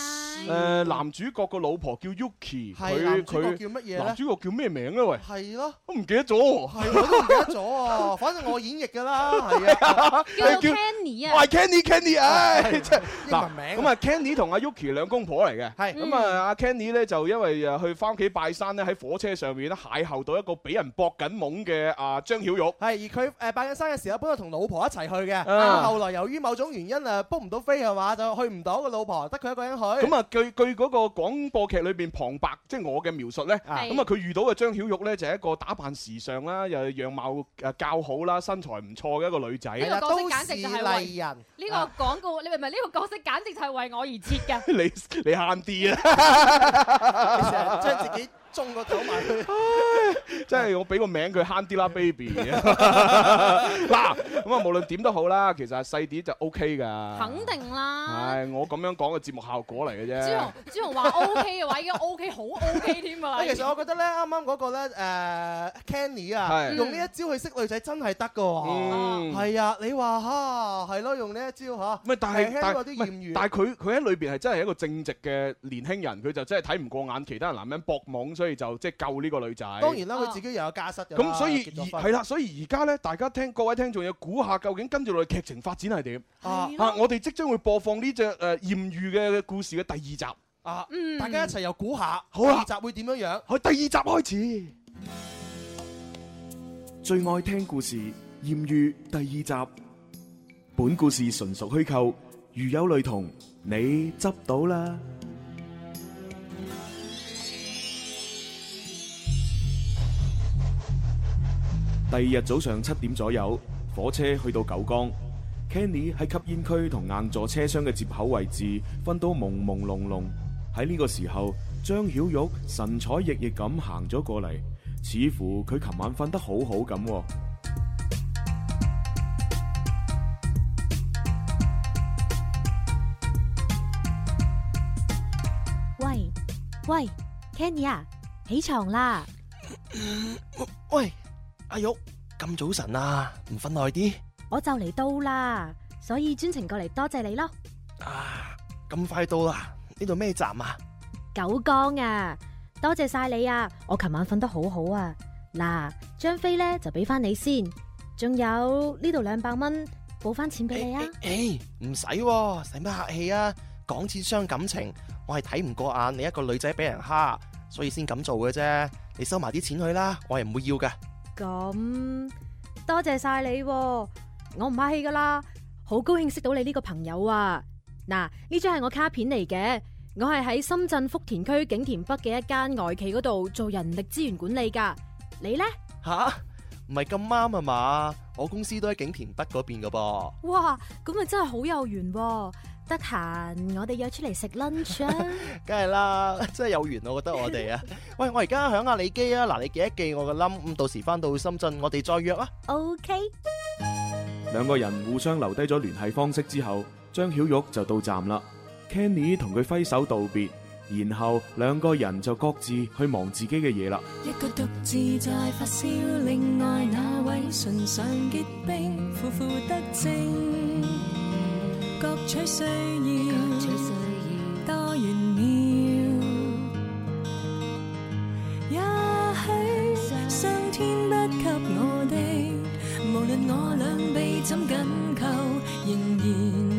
誒，男主角個老婆叫 Yuki，佢佢叫乜嘢咧？男主角叫咩名啊？喂，係咯，我唔記得咗，係我都唔記得咗啊！反正我演繹噶啦，係啊，叫 Kenny 啊，喂 Kenny Kenny 啊。嗱，咁 啊，Kenny 同阿 Yuki 兩公婆嚟嘅。係 咁樂啊，阿 Kenny 咧是、嗯啊、就因為誒去翻屋企拜山咧，喺火車上面咧邂逅到一個俾人搏緊懵嘅啊張曉玉。係而佢誒、呃、拜緊山嘅時候，本來同老婆一齊去嘅。咁、啊啊、後來由於某種原因啊 book 唔到飛嘅話，就去唔到個老婆，得佢一個人去。咁啊，據據嗰個廣播劇裏邊旁白，即、就、係、是、我嘅描述咧，咁啊，是啊，佢、嗯啊、遇到嘅張曉玉咧就係、是、一個打扮時尚啦，又樣貌誒較好啦，身材唔錯嘅一個女仔。呢個角色簡直就係麗人。呢個廣告。你明唔明？呢個角色簡直就係為我而設嘅 你、啊、 你慳啲啊！你成日將自己。中個走埋，即係我俾個名佢慳啲啦，baby。嗱，咁啊，無論點都好啦，其實細啲就 OK 㗎。肯定啦。誒，我咁樣講嘅節目效果嚟嘅啫。朱紅，朱紅話 OK 嘅話，已經 OK，好 OK 添啊。其實我覺得咧，啱啱嗰個咧，誒，Kenny 啊，用呢一招去識女仔真係得㗎喎。係啊，你話嚇，係咯，用呢一招嚇。唔係，但係但係，聽過啲艷遇，但係佢佢喺裏邊係真係一個正直嘅年輕人，佢就真係睇唔過眼其他人男人搏網上。所以就即係救呢個女仔。當然啦，佢自己又有家室咁，所以而係啦，所以而家呢，大家聽各位聽眾，仲要估下究竟跟住落嚟劇情發展係點啊，啊！我哋即將會播放呢隻誒艷遇嘅故事嘅第二集啊！大家一齊又估下，好啦，嗯，第二集會點樣樣？去第二集開始，最愛聽故事艷遇第二集。本故事純屬虛構，如有類同，你執到啦。第二日早上七點左右，火車去到九江，Kenny 喺吸煙區同硬座車廂嘅接口位置瞓到朦朦朧朧。喺呢個時候，張曉玉神采奕奕咁行咗過嚟，似乎佢琴晚瞓得好好咁。喂喂，Kenny 啊，起床啦！喂。阿玉咁早晨啊，唔瞓耐啲，我就嚟到啦，所以專程過嚟多謝你咯。啊，咁快到啦？呢度咩站啊？九江啊，多謝晒你啊。我琴晚瞓得好好啊。嗱，張飛呢就俾翻你先，仲有呢度兩百蚊補翻錢俾你啊。誒，欸，唔使，欸，使乜客氣啊？講錢傷感情，我係睇唔過眼你一個女仔俾人蝦，所以先咁做嘅啫。你收埋啲錢去啦，我係唔會要嘅。咁多謝晒你，我唔客氣噶啦，好高興識到你呢個朋友啊！嗱、啊，呢張係我卡片嚟嘅，我係喺深圳福田區景田北嘅一間外企嗰度做人力資源管理噶。你呢？吓、啊，唔係咁啱啊嘛，我公司都喺景田北嗰邊噶噃。哇，咁啊真係好有緣，得閒我哋約出嚟食 lunch，梗係啦，真係有緣，我覺得我哋啊。 喂，我而家響下你機啊，嗱你記一記我個 number，到時翻到深圳我哋再約啊。OK。兩個人互相留低咗聯繫方式之後，張曉玉就到站啦。Kenny 同佢揮手道別，然後兩個人就各自去忙自己嘅嘢啦。一個獨自在發燒，另外那位唇上結冰，苦苦得正，各取需要。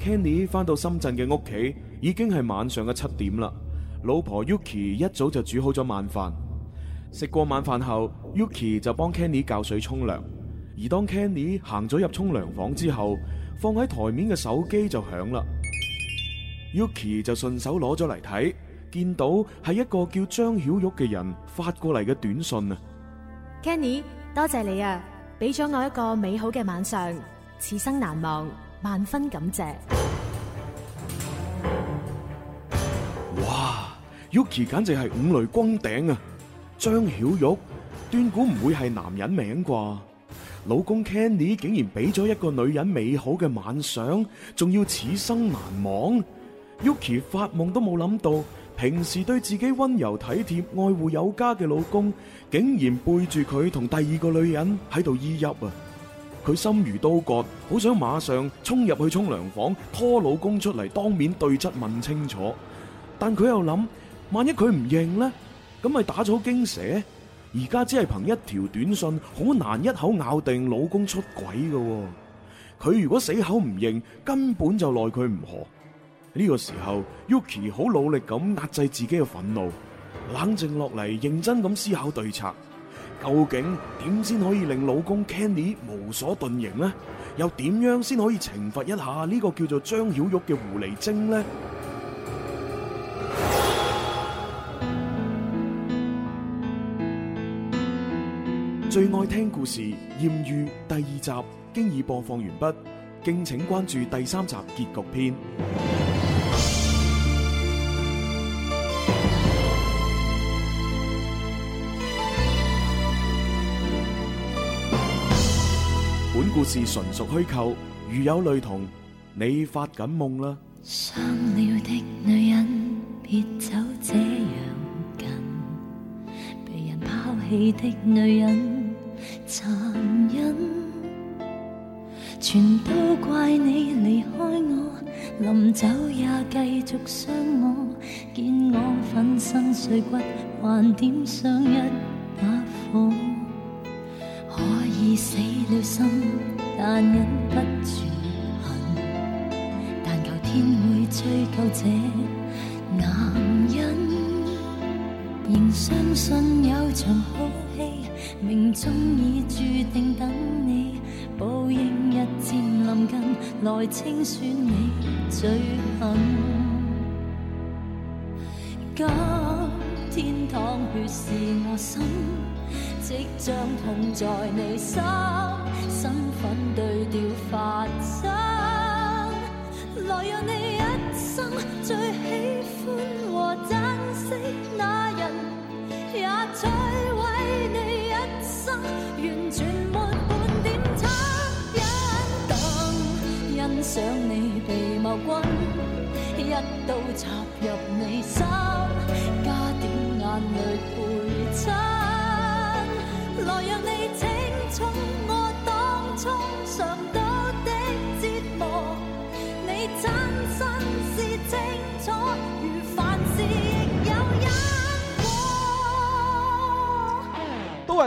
Kenny 翻到深圳嘅屋企，已經係晚上嘅七點啦。老婆 Yuki 一早就煮好咗晚飯。食過晚飯後，Yuki 就幫 Kenny 教水沖涼。而當 Kenny 行咗入沖涼房之後，放喺台面嘅手機就響啦。 Yuki 就順手攞咗嚟睇，見到係一個叫張曉玉嘅人發過嚟嘅短信啊。Kenny 多謝你啊，俾咗我一個美好嘅晚上，此生難忘。萬分感謝！哇，Yuki 簡直係五雷轟頂啊！張曉玉，斷估唔會係男人名啩？老公 Kenny 竟然俾咗一個女人美好嘅晚上，仲要此生難忘！Yuki 發夢都冇諗到，平時對自己温柔體貼、愛護有加嘅老公，竟然背住佢同第二個女人喺度依泣啊！佢心如刀割，好想馬上衝入去沖涼房，拖老公出嚟當面對質問清楚。但佢又諗，萬一佢唔認呢，咁咪打草驚蛇。而家只係憑一條短信，好難一口咬定老公出軌噶。佢如果死口唔認，根本就奈佢唔何。呢個時候，Yuki 好努力咁壓制自己嘅憤怒，冷靜落嚟，認真咁思考對策。究竟點先可以令老公 Kenny 無所遁形呢？又點樣先可以懲罰一下呢個叫做張曉玉嘅狐狸精呢？ 最愛聽故事《艷遇》第二集，經已播放完畢，敬請關注第三集結局篇。故事純屬虛構，如有類同，你發緊夢啦。傷了的女人，別走這樣近，被人拋棄的女人，殘忍。全都怪你離開我，臨走也繼續傷我，見我粉身碎骨，還點上一把火。我已死了心，但忍不住恨。但求天會追究這男人，仍相信有場好戲，命中已注定等你。報應日漸臨近，來清算你罪行。今天淌血是我心。即將痛在你心，身份對調發生，來讓你一生最喜歡和珍惜那人，也摧毀你一生完全沒半點惻隱感，欣賞你被某君，一刀插入你心，加點眼淚陪。來，讓你清楚。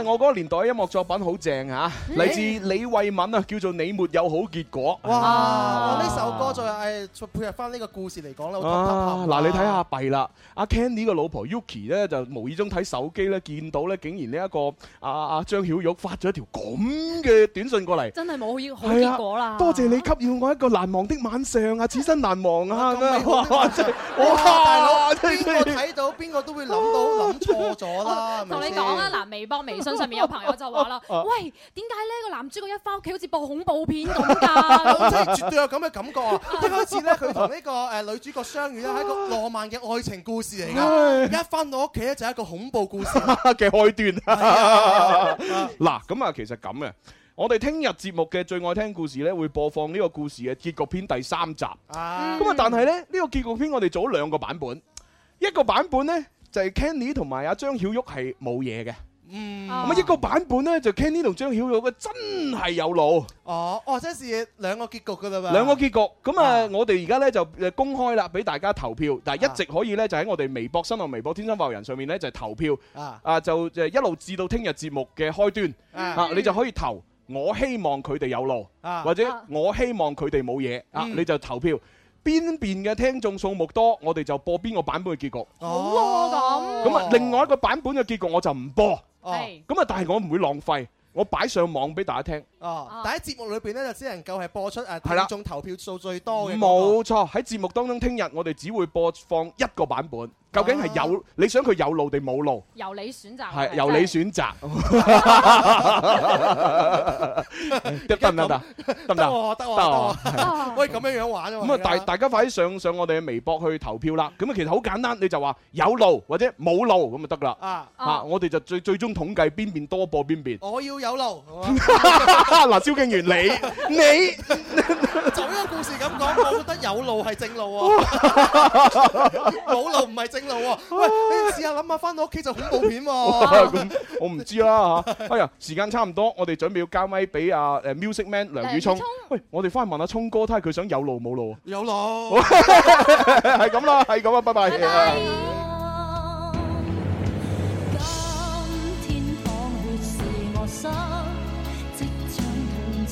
因為我嗰年代音樂作品好正嚇，嚟自李慧敏啊，叫做你沒有好結果。哇！我呢首歌就係再配合翻呢個故事嚟講啦。啊！嗱，你睇下弊啦，阿 Kenny 個老婆 Yuki 咧就無意中睇手機咧，見到咧竟然呢一個阿阿阿張曉玉發咗一條咁嘅短信過嚟，真係冇好結果啦！多謝你給予我一個難忘的晚上啊，此生難忘啊！哇！哇！大佬，邊個睇到邊個都會諗到諗錯咗啦！同你講啦，嗱，微博微。信上面有朋友就話啦： 喂，點解呢個男主角一翻屋企好似播恐怖片咁㗎？ 即係絕對有咁嘅感覺。 一開始咧，佢同呢個誒女主角相遇咧，係一個浪漫嘅愛情故事嚟㗎。 一翻到屋企咧，就係一個恐怖故事嘅 開端。嗱， 咁啊，其實咁嘅。我哋聽日節目嘅最愛聽故事咧，會播放呢個故事嘅結局篇第三集。咁啊、 嗯，但係咧，呢個結局篇我哋做咗兩個版本。一個版本咧，就係、是、Kenny 同埋阿張曉玉係冇嘢嘅。嗯，咁一個版本呢，就 Kenny 同張曉玉嘅真係有路。哦哦，即是兩個結局噶啦噃。兩個結局，咁啊，我哋而家呢，就公開啦，俾大家投票。嗱，一直可以呢，就喺我哋微博新浪微博天生快活人上面呢，就投票。啊啊，就誒一路至到聽日節目嘅開端啊，你就可以投我希望佢哋有路，或者我希望佢哋冇嘢啊，你就投票邊邊嘅聽眾數目多，我哋就播邊個版本嘅結局。好啊，咁。咁啊，另外一個版本嘅結局我就唔播。哦，咁啊，但係我唔會浪費，我擺上網俾大家聽。哦，但喺節目裏邊咧就只能夠係播出誒觀眾投票數最多嘅。冇錯，喺節目當中，聽日我哋只會播放一個版本。究竟係有你想佢有路定冇路？由你選擇。係由你選擇，得唔得？得唔得？得我得我得。喂，咁樣樣玩啊。咁啊，大大家快啲上上我哋嘅微博去投票啦。咁啊，其實好簡單，你就話有路或者冇路咁就得啦。啊啊，我哋就最最終統計邊邊多播邊邊。我要有路。啊！嗱，蕭敬源，你你就呢個故事咁講，我覺得有路係正路喎，冇路唔係正路喎。喂，你試下諗下，翻到屋企就恐怖片喎。我唔知啦吓。哎呀，時間差唔多，我哋準備要交咪俾阿誒 Music Man 梁宇聰。喂，我哋翻去問下聰哥睇下佢想有路冇路啊。有路，係咁啦，係咁啦，拜拜。